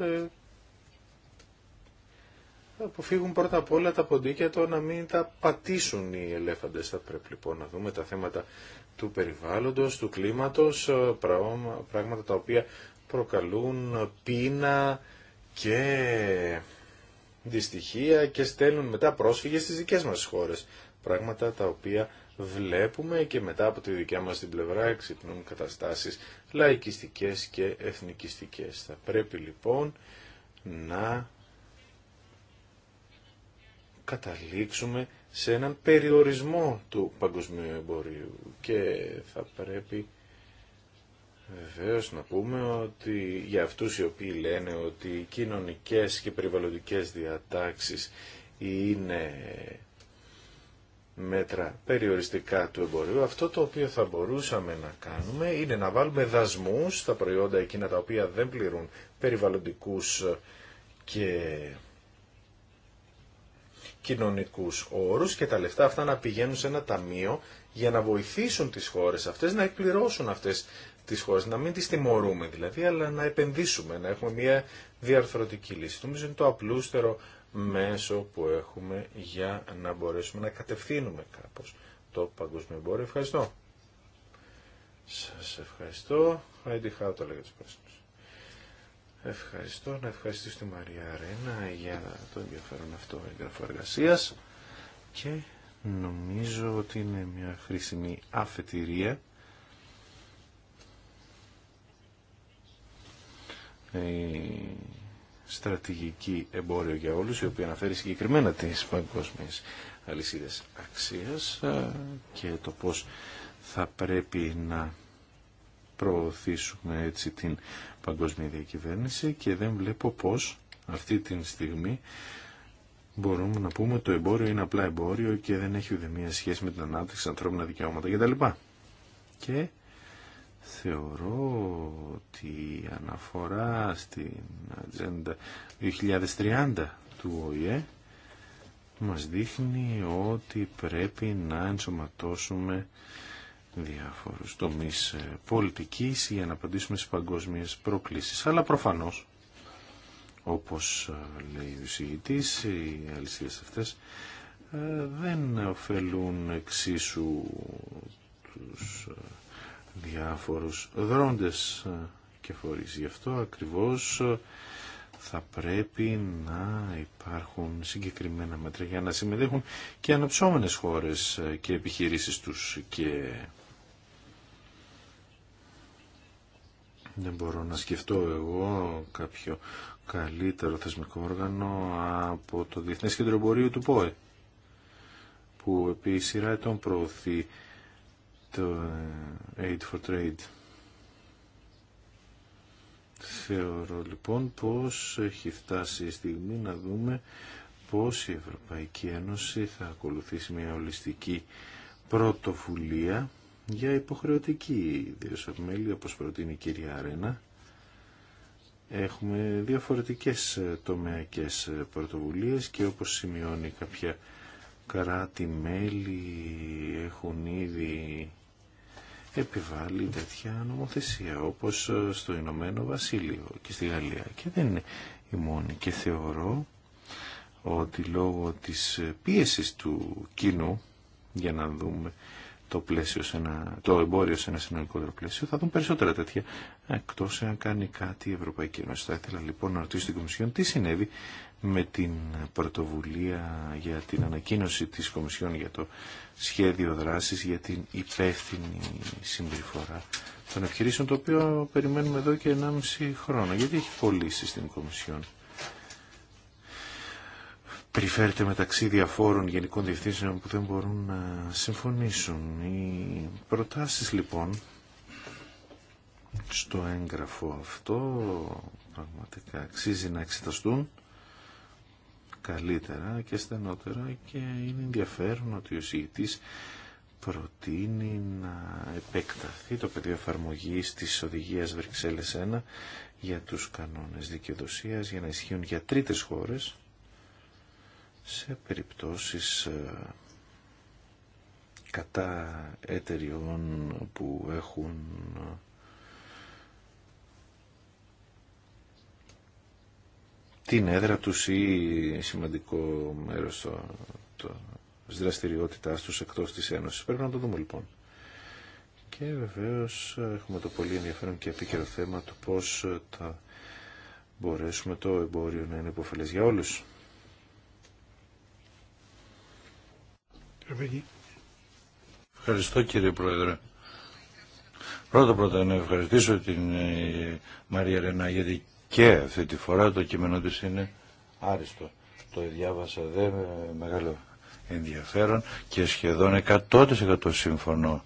αποφύγουν πρώτα απ' όλα τα ποντίκια το να μην τα πατήσουν οι ελέφαντες. Θα πρέπει λοιπόν να δούμε τα θέματα του περιβάλλοντος, του κλίματος, ε, πράγματα τα οποία προκαλούν πείνα και δυστυχία και στέλνουν μετά πρόσφυγες στις δικές μας χώρες. Πράγματα τα οποία βλέπουμε και μετά από τη δικιά μας την πλευρά εξυπνούν καταστάσεις λαϊκιστικές και εθνικιστικές. Θα πρέπει λοιπόν να καταλήξουμε σε έναν περιορισμό του παγκοσμίου εμπορίου και θα πρέπει Βεβαίω να πούμε ότι για αυτούς οι οποίοι λένε ότι οι κοινωνικές και περιβαλλοντικές διατάξεις είναι μέτρα περιοριστικά του εμπορίου, αυτό το οποίο θα μπορούσαμε να κάνουμε είναι να βάλουμε δασμούς στα προϊόντα εκείνα τα οποία δεν πληρούν περιβαλλοντικούς και κοινωνικούς όρους και τα λεφτά αυτά να πηγαίνουν σε ένα ταμείο για να βοηθήσουν τις χώρες αυτές να εκπληρώσουν αυτές τις χώρες. Να μην τις τιμωρούμε δηλαδή, αλλά να επενδύσουμε, να έχουμε μια διαρθρωτική λύση. Νομίζω είναι το απλούστερο μέσο που έχουμε για να μπορέσουμε να κατευθύνουμε κάπως το παγκόσμιο εμπόριο. Ευχαριστώ. Σας ευχαριστώ. το λέγεται Ευχαριστώ. Να ευχαριστήσω τη Μαρία Αρένα για το ενδιαφέρον αυτό εγγραφό εργασία και νομίζω ότι είναι μια χρήσιμη αφετηρία η στρατηγική εμπόριο για όλους, η οποία αναφέρει συγκεκριμένα τις παγκόσμιες αλυσίδες αξίας ε, και το πώς θα πρέπει να προωθήσουμε έτσι την παγκόσμια διακυβέρνηση και δεν βλέπω πώς αυτή τη στιγμή μπορούμε να πούμε το εμπόριο είναι απλά εμπόριο και δεν έχει ουδεμία σχέση με την ανάπτυξη ανθρώπινα δικαιώματα κτλ. Και Θεωρώ ότι η αναφορά στην Ατζέντα 2030 του ΟΗΕ μας δείχνει ότι πρέπει να ενσωματώσουμε διάφορους τομείς ε, πολιτικής για να απαντήσουμε στις παγκόσμιες προκλήσεις. Αλλά προφανώς, όπως ε, λέει ο συγητής, οι αλυσίες αυτές ε, δεν ωφελούν εξίσου τους διάφορους δρόντες ε, και φορείς. Γι' αυτό ακριβώς ε, θα πρέπει να υπάρχουν συγκεκριμένα μέτρα για να συμμετέχουν και αναψώμενες χώρες ε, και επιχειρήσεις τους και δεν μπορώ να σκεφτώ εγώ κάποιο καλύτερο θεσμικό όργανο από το Διεθνές Κεντροπορείο του ΠΟΕ που επί σειρά ετών προωθεί το ε, Aid for Trade. Θεωρώ λοιπόν πως έχει φτάσει η στιγμή να δούμε πως η Ευρωπαϊκή Ένωση θα ακολουθήσει μια ολιστική πρωτοβουλία για υποχρεωτική μέλη όπως προτείνει η κυρία Αρένα. Έχουμε διαφορετικές ε, τομεακές ε, πρωτοβουλίες και όπως σημειώνει κάποια κράτη-μέλη έχουν ήδη επιβάλλει τέτοια νομοθεσία όπως ε, στο Ηνωμένο Βασίλειο και στη Γαλλία και δεν είναι η μόνη και θεωρώ ότι λόγω της ε, πίεσης του κοινού για να δούμε το, πλαίσιο σε ένα, το εμπόριο σε ένα συνολικότερο πλαίσιο θα δουν περισσότερα τέτοια εκτός αν κάνει κάτι η Ευρωπαϊκή Ένωση. Θα ήθελα λοιπόν να ρωτήσω την Κομισιόν τι συνέβη με την πρωτοβουλία για την ανακοίνωση της Κομισιόν για το σχέδιο δράσης για την υπεύθυνη συμπεριφορά των επιχειρήσεων, το οποίο περιμένουμε εδώ και 1,5 χρόνο, γιατί έχει κολλήσει στην Κομισιόν. Περιφέρεται μεταξύ διαφόρων γενικών διευθύνσεων που δεν μπορούν να συμφωνήσουν. Οι προτάσεις λοιπόν στο έγγραφο αυτό πραγματικά αξίζει να εξεταστούν καλύτερα και στενότερα και είναι ενδιαφέρον ότι ο συγητής προτείνει να επεκταθεί το πεδίο εφαρμογή της οδηγία Βρυξέλλες 1 για τους κανόνες δικαιοδοσίας για να ισχύουν για τρίτες χώρες σε περιπτώσεις ε, κατά εταιριών που έχουν ε, την έδρα τους ή σημαντικό μέρος το, το, της δραστηριότητάς τους εκτός της Ένωσης. Πρέπει να το δούμε λοιπόν. Και βεβαίως ε, έχουμε το πολύ ενδιαφέρον και επίκαιρο θέμα του πώς ε, θα μπορέσουμε το εμπόριο να είναι υποφελές για όλους. Ευχαριστώ κύριε Πρόεδρε. Πρώτα πρώτα να ευχαριστήσω την ε, Μαρία Ρενά γιατί και αυτή τη φορά το κείμενό της είναι άριστο. Το διάβασα δε με μεγάλο ενδιαφέρον και σχεδόν 100% σύμφωνο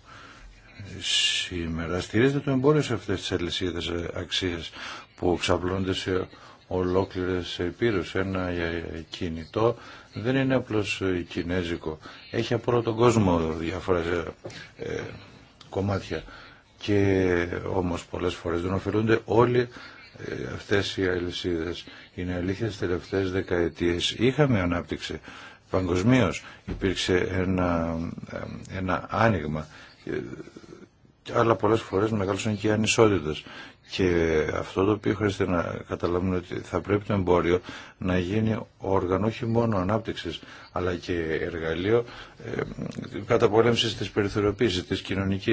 σήμερα. Στηρίζεται το εμπόριο σε αυτές τις αλυσίδες αξίες που ξαπλώνται σε ολόκληρες πύρους. Ένα κινητό δεν είναι απλώς κινέζικο. Έχει από όλο τον κόσμο διάφορα ε, κομμάτια και όμως πολλές φορές δεν ωφελούνται όλοι ε, αυτές οι αλυσίδε. Είναι αλήθεια στις τελευταίες δεκαετίες είχαμε ανάπτυξη. Παγκοσμίω υπήρξε ένα, ε, ένα άνοιγμα ε, αλλά πολλές φορές μεγάλωσαν και οι ανισότητες και αυτό το οποίο χρειάζεται να καταλάβουμε ότι θα πρέπει το εμπόριο να γίνει όργανο όχι μόνο ανάπτυξη, αλλά και εργαλείο ε, της τη περιθωριοποίηση, τη κοινωνική.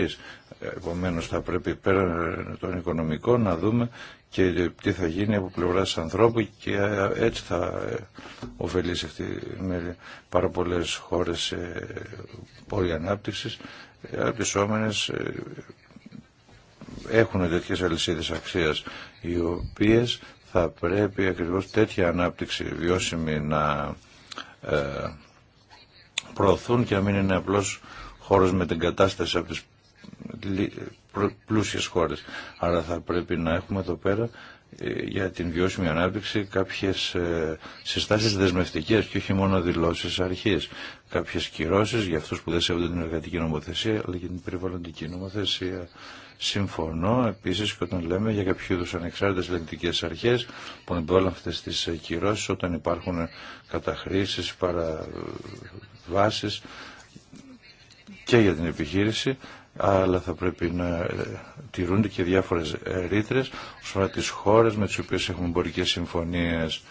Ε, Επομένω, θα πρέπει πέραν των οικονομικών να δούμε και τι θα γίνει από πλευρά ανθρώπου και ε, έτσι θα ε, ωφελήσει αυτή με πάρα πολλέ χώρε πόλη ανάπτυξη, έχουν τέτοιες αλυσίδες αξίας οι οποίες θα πρέπει ακριβώς τέτοια ανάπτυξη βιώσιμη να ε, προωθούν και να μην είναι απλώς χώρος με την κατάσταση από τις πλούσιες χώρες. Άρα θα πρέπει να έχουμε εδώ πέρα ε, για την βιώσιμη ανάπτυξη κάποιες ε, συστάσεις δεσμευτικές και όχι μόνο δηλώσεις αρχής. Κάποιε κυρώσει για αυτού που δεν σέβονται την εργατική νομοθεσία αλλά και την περιβαλλοντική νομοθεσία. Συμφωνώ επίση και όταν λέμε για κάποιο είδου ανεξάρτητε ελεγκτικέ αρχές που επιβάλλουν αυτέ τι ε, κυρώσει, όταν υπάρχουν ε, καταχρήσει, παραβάσει και για την επιχείρηση αλλά θα πρέπει να ε, τηρούνται και διάφορες ρήτρε όσον αφορά τις χώρες με τις οποίες έχουμε εμπορικές συμφωνίες.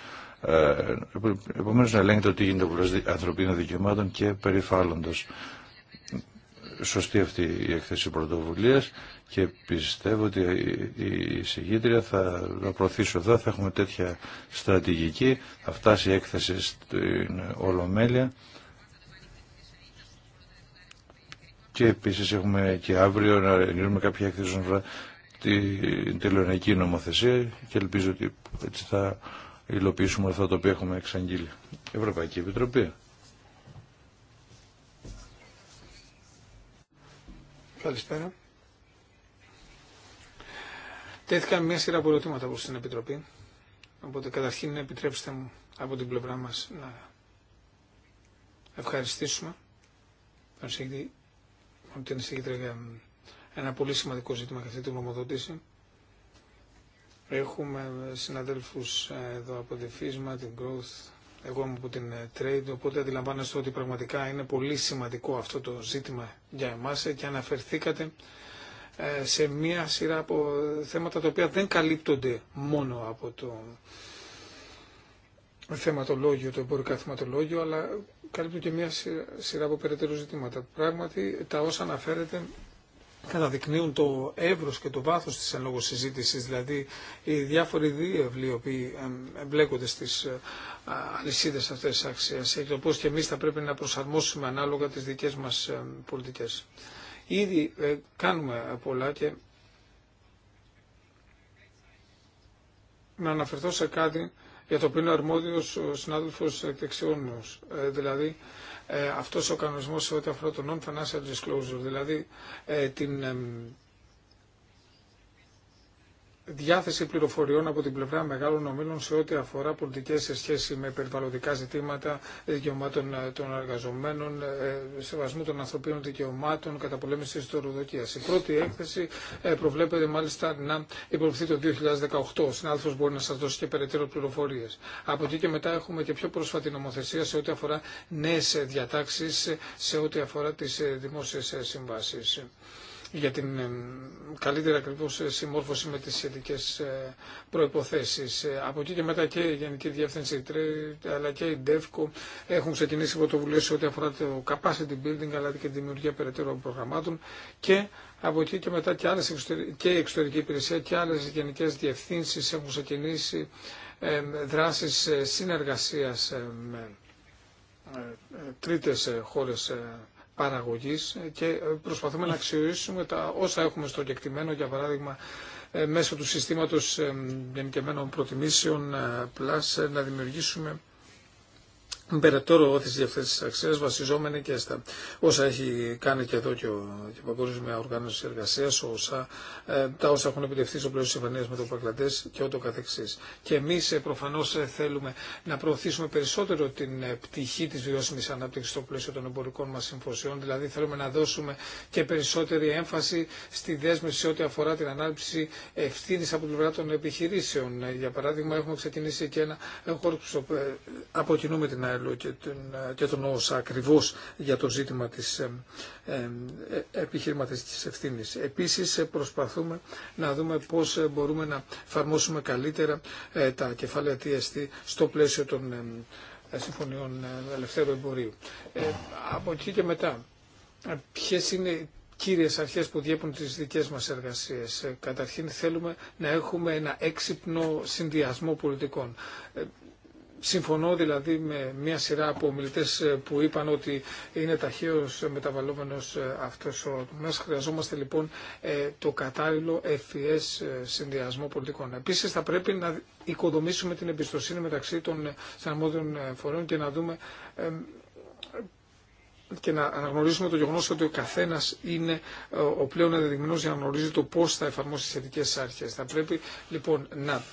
Ε, Επομένω να ελέγχεται ότι γίνεται από ανθρωπίνων δικαιωμάτων και Περιφάλλοντο. Σωστή αυτή η έκθεση πρωτοβουλία και πιστεύω ότι η συγκίτρια θα προωθήσει εδώ, θα έχουμε τέτοια στρατηγική, θα φτάσει η έκθεση στην Ολομέλεια. Και επίσης έχουμε και αύριο να εγκρίνουμε κάποια έκθεση όσον την τελειωνική νομοθεσία και ελπίζω ότι έτσι θα υλοποιήσουμε αυτά τα οποία έχουμε εξαγγείλει. Ευρωπαϊκή Επιτροπή. Καλησπέρα. Τέθηκαν μια σειρά από ερωτήματα προς την Επιτροπή. Οπότε καταρχήν επιτρέψτε μου από την πλευρά μας να ευχαριστήσουμε τον είναι ένα πολύ σημαντικό ζήτημα και αυτή την νομοδότηση. Έχουμε συναδέλφους εδώ από τη φίσμα την Growth, εγώ είμαι από την Trade, οπότε αντιλαμβάνεστε ότι πραγματικά είναι πολύ σημαντικό αυτό το ζήτημα για εμάς και αναφερθήκατε ε, σε μία σειρά από θέματα τα οποία δεν καλύπτονται μόνο από το θεματολόγιο, το εμπορικά θεματολόγιο, αλλά καλύπτουν και μία σειρά από περαιτέρω ζητήματα. Πράγματι, τα όσα αναφέρετε καταδεικνύουν το εύρος και το βάθος της εν λόγω συζήτησης, δηλαδή οι διάφοροι δίευλοι οι οποίοι εμπλέκονται στις ε, αλυσίδες αυτές της αξίας και το πώς και εμείς θα πρέπει να προσαρμόσουμε ανάλογα τις δικές μας πολιτικές. Ήδη ε, κάνουμε πολλά και να αναφερθώ σε κάτι για το οποίο είναι αρμόδιος ο συνάδελφος εκτεξιών ε, δηλαδή ε, αυτός ο κανονισμός σε ό,τι αφορά το non-financial disclosure, δηλαδή ε, την διάθεση πληροφοριών από την πλευρά μεγάλων ομίλων σε ό,τι αφορά πολιτικές σε σχέση με περιβαλλοντικά ζητήματα, δικαιωμάτων ε, των εργαζομένων, ε, σεβασμού των ανθρωπίνων δικαιωμάτων, καταπολέμηση της τοροδοκίας. Η πρώτη έκθεση ε, προβλέπεται μάλιστα να υποβληθεί το 2018. Ο συνάδελφος μπορεί να σας δώσει και περαιτέρω πληροφορίες. Από εκεί και μετά έχουμε και πιο πρόσφατη νομοθεσία σε ό,τι αφορά νέες διατάξεις, σε ό,τι αφορά τις δημόσιες συμβάσεις για την ε, καλύτερη ακριβώ ε, συμμόρφωση με τις σχετικές ε, προϋποθέσεις. Από εκεί και μετά και η Γενική Διεύθυνση αλλά και η ΔΕΦΚΟ έχουν ξεκινήσει σε ό,τι αφορά το capacity building αλλά και τη δημιουργία περαιτέρω προγραμμάτων και από εκεί και μετά και, άλλες, και η εξωτερική υπηρεσία και άλλες γενικές διευθύνσεις έχουν ξεκινήσει δράσεις συνεργασίας με τρίτες χώρες παραγωγής και προσπαθούμε να αξιοποιήσουμε τα όσα έχουμε στο κεκτημένο, για παράδειγμα ε, μέσω του συστήματος ε, γενικεμένων προτιμήσεων Plus, ε, να δημιουργήσουμε περαιτέρω όθηση αυτέ τι αξίε βασιζόμενη και στα όσα έχει κάνει και εδώ και ο, και Παγκόσμια Οργάνωση Εργασία, ε, τα όσα έχουν επιτευχθεί στο πλαίσιο συμφωνία με τον Παγκλαντέ και ό,τι καθεξή. Και εμεί ε, προφανώ ε, θέλουμε να προωθήσουμε περισσότερο την ε, πτυχή τη βιώσιμη ανάπτυξη στο πλαίσιο των εμπορικών μα συμφωσιών, δηλαδή θέλουμε να δώσουμε και περισσότερη έμφαση στη δέσμευση ό,τι αφορά την ανάληψη ευθύνη από πλευρά των επιχειρήσεων. Για παράδειγμα, έχουμε ξεκινήσει και ένα χώρο που ε, την και τον, τον ΩΣΑ ακριβώς για το ζήτημα της ε, ε, ε Επίση, Επίσης ε, προσπαθούμε να δούμε πώς ε, μπορούμε να εφαρμόσουμε καλύτερα τα κεφάλαια TST στο πλαίσιο των συμφωνιών ελευθέρου εμπορίου. από εκεί και μετά, ποιες είναι κύριες αρχές που διέπουν τις δικές μας εργασίες. Καταρχήν θέλουμε να έχουμε ένα έξυπνο συνδυασμό πολιτικών. Συμφωνώ δηλαδή με μια σειρά από ομιλητέ ε, που είπαν ότι είναι ταχαίω μεταβαλλόμενος ε, αυτό ο τομέα. Χρειαζόμαστε λοιπόν ε, το κατάλληλο e ευφυέ συνδυασμό πολιτικών. Επίση θα πρέπει να οικοδομήσουμε την εμπιστοσύνη μεταξύ των συναρμόδιων φορέων και να δούμε και να αναγνωρίσουμε το γεγονός ότι ο καθένας είναι ο πλέον ενδεδειγμένος για να γνωρίζει το πώ θα εφαρμόσει τι ειδικές άρχες. Θα πρέπει λοιπόν να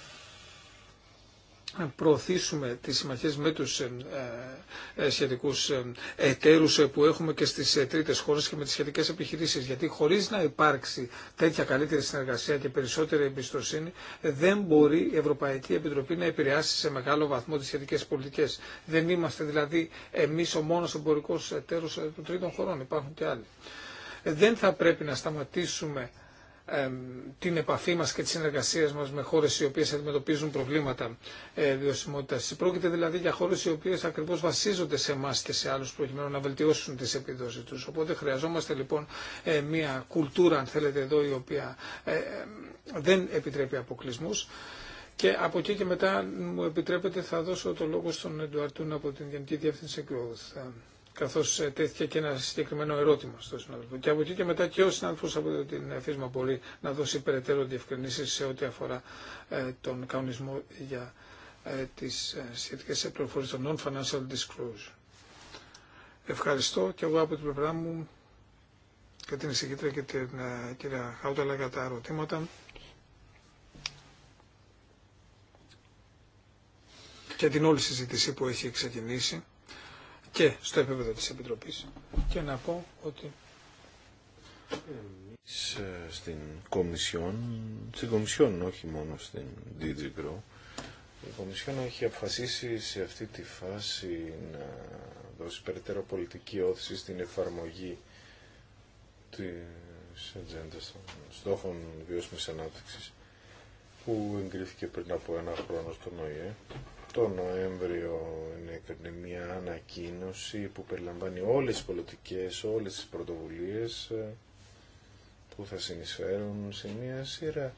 προωθήσουμε τις συμμαχίες με τους ε, ε, σχετικούς ε, εταίρους που έχουμε και στις τρίτες χώρες και με τις σχετικές επιχειρήσεις. Γιατί χωρίς να υπάρξει τέτοια καλύτερη συνεργασία και περισσότερη εμπιστοσύνη δεν μπορεί η Ευρωπαϊκή Επιτροπή να επηρεάσει σε μεγάλο βαθμό τις σχετικές πολιτικές. Δεν είμαστε δηλαδή εμείς ο μόνος εμπορικός εταίρος των τρίτων χωρών. Υπάρχουν και άλλοι. Δεν θα πρέπει να σταματήσουμε την επαφή μας και τις συνεργασίες μας με χώρες οι οποίες αντιμετωπίζουν προβλήματα ε, Πρόκειται δηλαδή για χώρες οι οποίες ακριβώς βασίζονται σε εμά και σε άλλους προκειμένου να βελτιώσουν τις επιδόσεις τους. Οπότε χρειαζόμαστε λοιπόν ε, μια κουλτούρα αν θέλετε εδώ η οποία ε, δεν επιτρέπει αποκλεισμού. Και από εκεί και μετά μου επιτρέπετε θα δώσω το λόγο στον Εντουαρτούν από την Γενική Διεύθυνση Growth καθώς ε, τέθηκε και ένα συγκεκριμένο ερώτημα στο συνάδελφο. Και από εκεί και μετά και ο συνάδελφο από την Εφήσμα μπορεί να δώσει περαιτέρω διευκρινήσει σε ό,τι αφορά ε, τον κανονισμό για ε, τις σχετικέ πληροφορίε των non-financial disclosure. Ευχαριστώ και εγώ από την πλευρά μου και την εισηγήτρια και την κυρία Χάουταλα για τα ερωτήματα. και την όλη συζήτηση που έχει ξεκινήσει και στο επίπεδο της Επιτροπής και να πω ότι εμείς ε, στην Κομισιόν, στην Κομισιόν όχι μόνο στην DG η Κομισιόν έχει αποφασίσει σε αυτή τη φάση να δώσει περαιτέρω πολιτική όθηση στην εφαρμογή της ατζέντα των στόχων βιώσιμης ανάπτυξης που εγκρίθηκε πριν από ένα χρόνο στο ΟΗΕ το Νοέμβριο έκανε μια ανακοίνωση που περιλαμβάνει όλες τις πολιτικές, όλες τις πρωτοβουλίες ε, που θα συνεισφέρουν σε μια σειρά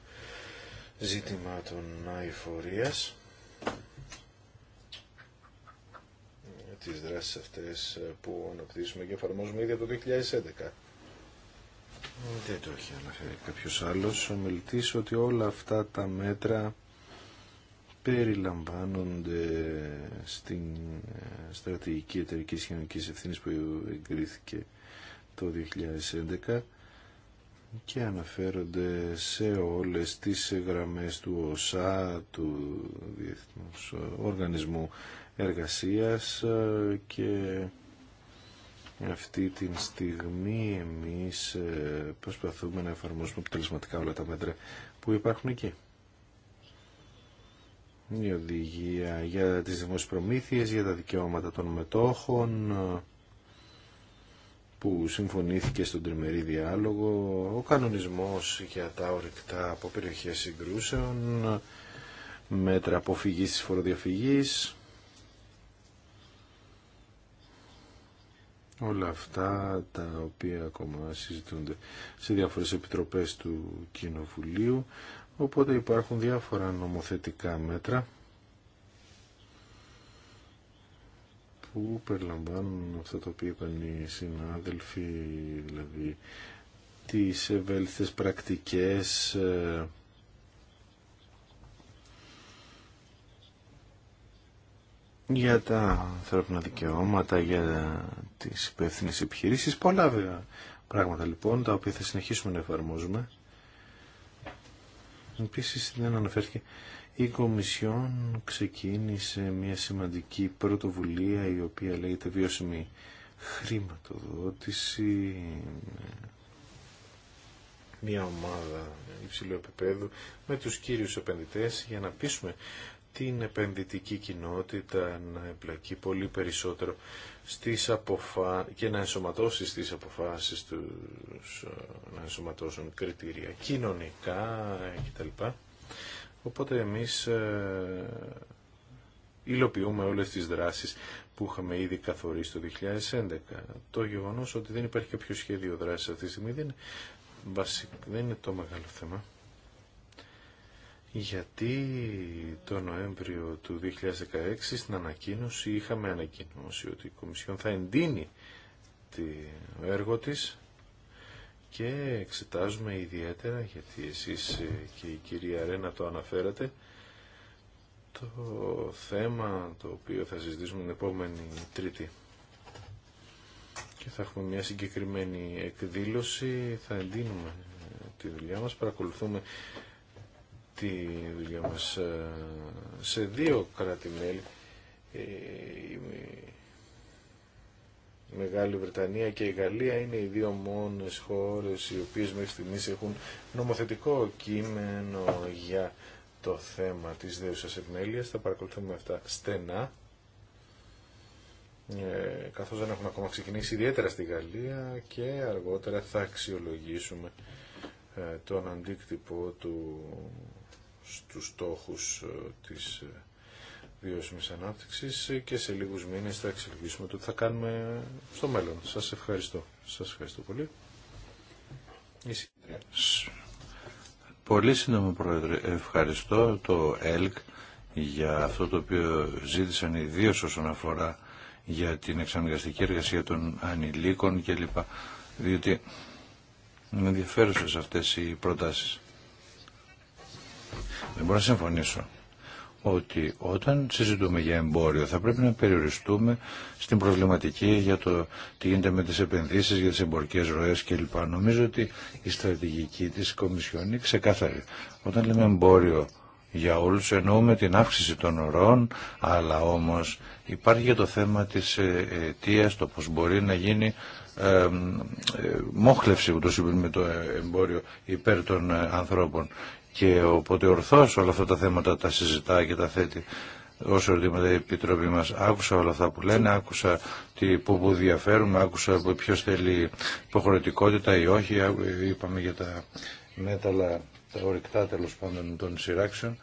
ζητημάτων αηφορίας. τις δράσεις αυτές ε, που αναπτύσσουμε και εφαρμόζουμε ήδη από το 2011. Δεν το έχει αναφέρει κάποιος άλλος. Ο ότι όλα αυτά τα μέτρα περιλαμβάνονται στην ε, στρατηγική εταιρική κοινωνική ευθύνη που εγκρίθηκε το 2011 και αναφέρονται σε όλες τις γραμμές του ΟΣΑ, του Διεθνούς Οργανισμού Εργασίας ε, και αυτή τη στιγμή εμείς ε, προσπαθούμε να εφαρμόσουμε αποτελεσματικά όλα τα μέτρα που υπάρχουν εκεί η οδηγία για τις δημόσιες προμήθειες, για τα δικαιώματα των μετόχων που συμφωνήθηκε στον τριμερή διάλογο, ο κανονισμός για τα ορυκτά από περιοχές συγκρούσεων, μέτρα αποφυγής της φοροδιαφυγής, όλα αυτά τα οποία ακόμα συζητούνται σε διάφορες επιτροπές του Κοινοβουλίου οπότε υπάρχουν διάφορα νομοθετικά μέτρα που περιλαμβάνουν αυτά τα οποία είπαν οι συνάδελφοι δηλαδή τις ευέλθες πρακτικές ε, για τα ανθρώπινα δικαιώματα, για τις υπεύθυνες επιχειρήσεις, πολλά βέβαια πράγματα λοιπόν, τα οποία θα συνεχίσουμε να εφαρμόζουμε. Επίσης δεν αναφέρθηκε, η Κομισιόν ξεκίνησε μια σημαντική πρωτοβουλία η οποία λέγεται βιώσιμη χρηματοδότηση μια ομάδα υψηλού επίπεδου με τους κύριους επενδυτές για να πείσουμε την επενδυτική κοινότητα να εμπλακεί πολύ περισσότερο στις αποφα... και να ενσωματώσει στις αποφάσεις τους, ε, να ενσωματώσουν κριτήρια κοινωνικά κτλ. Οπότε εμείς ε, υλοποιούμε όλες τις δράσεις που είχαμε ήδη καθορίσει το 2011. Το γεγονός ότι δεν υπάρχει κάποιο σχέδιο δράσης αυτή τη στιγμή δεν δεν είναι το μεγάλο θέμα γιατί το Νοέμβριο του 2016 στην ανακοίνωση είχαμε ανακοίνωση ότι η Κομισιόν θα εντείνει το έργο της και εξετάζουμε ιδιαίτερα γιατί εσείς ε, και η κυρία Ρένα το αναφέρατε το θέμα το οποίο θα συζητήσουμε την επόμενη Τρίτη και θα έχουμε μια συγκεκριμένη εκδήλωση θα εντείνουμε ε, τη δουλειά μας παρακολουθούμε τη δουλειά μας ε, σε δύο κράτη-μέλη ε, η Μεγάλη Βρετανία και η Γαλλία είναι οι δύο μόνες χώρες οι οποίες μέχρι στιγμής έχουν νομοθετικό κείμενο για το θέμα της δέουσας ευμέλειας. Θα παρακολουθούμε αυτά στενά ε, καθώς δεν έχουμε ακόμα ξεκινήσει ιδιαίτερα στη Γαλλία και αργότερα θα αξιολογήσουμε ε, τον αντίκτυπο του στους στόχους ε, της ε, βιώσιμης ανάπτυξης ε, και σε λίγους μήνες θα εξελίξουμε το τι θα κάνουμε στο μέλλον. Σας ευχαριστώ. Σας ευχαριστώ πολύ. Πολύ σύντομα, Πρόεδρε. Ευχαριστώ το ΕΛΚ για αυτό το οποίο ζήτησαν ιδίω όσον αφορά για την εξαναγκαστική εργασία των ανηλίκων κλπ. Διότι με ενδιαφέρουσες αυτές οι προτάσεις δεν μπορώ να συμφωνήσω ότι όταν συζητούμε για εμπόριο θα πρέπει να περιοριστούμε στην προβληματική για το τι γίνεται με τις επενδύσεις, για τις εμπορικές ροές κλπ. Νομίζω ότι η στρατηγική της Κομισιόν είναι ξεκάθαρη. Όταν λέμε εμπόριο για όλους εννοούμε την αύξηση των ορών, αλλά όμως υπάρχει και το θέμα της ε, αιτίας, το πώς μπορεί να γίνει ε, ε, μόχλευση ούτως με το ε, εμπόριο υπέρ των ε, ανθρώπων και οπότε ορθώς όλα αυτά τα θέματα τα συζητά και τα θέτει όσο ερωτήματα η Επιτροπή μας. Άκουσα όλα αυτά που λένε, άκουσα τι, που, που διαφέρουμε, άκουσα ποιος θέλει υποχρεωτικότητα ή όχι, είπαμε για τα μέταλλα, τα ορυκτά τέλο πάντων των σειράξεων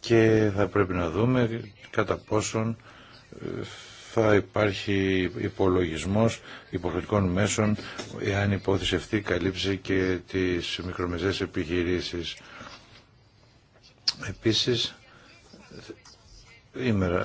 και θα πρέπει να δούμε κατά πόσον ε, θα υπάρχει υπολογισμός υποχρεωτικών μέσων εάν η υπόθεση αυτή καλύψει και τις μικρομεζές επιχειρήσεις. Επίσης,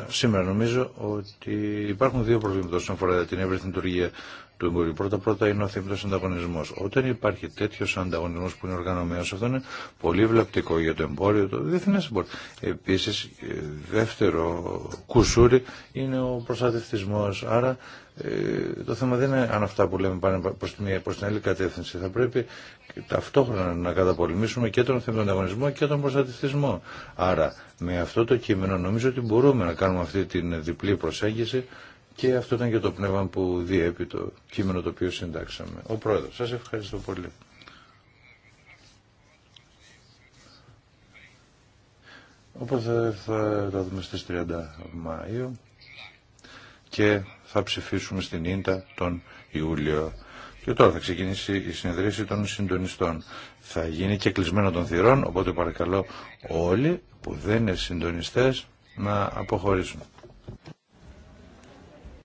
σήμερα, νομίζω ότι υπάρχουν δύο προβλήματα όσον αφορά την εύρυθμη λειτουργία του εμπορίου. Πρώτα-πρώτα είναι ο θύμητο ανταγωνισμό. Όταν υπάρχει τέτοιο ανταγωνισμό που είναι οργανωμένο, αυτό είναι πολύ βλαπτικό για το εμπόριο, το διεθνέ εμπόριο. Επίση, ε, δεύτερο κουσούρι είναι ο προστατευτισμό. Άρα ε, το θέμα δεν είναι αν αυτά που λέμε πάνε προ την, την άλλη κατεύθυνση. Θα πρέπει ταυτόχρονα να καταπολεμήσουμε και τον θεμητό ανταγωνισμό και τον προστατευτισμό. Άρα με αυτό το κείμενο νομίζω ότι μπορούμε να κάνουμε αυτή την διπλή προσέγγιση και αυτό ήταν και το πνεύμα που διέπει το κείμενο το οποίο συντάξαμε. Ο Πρόεδρος, σας ευχαριστώ πολύ. Οπότε θα τα δούμε στις 30 Μαΐου και θα ψηφίσουμε στην Ίντα τον Ιούλιο. Και τώρα θα ξεκινήσει η συνεδρίαση των συντονιστών. Θα γίνει και κλεισμένο των θυρών, οπότε παρακαλώ όλοι που δεν είναι συντονιστές να αποχωρήσουν.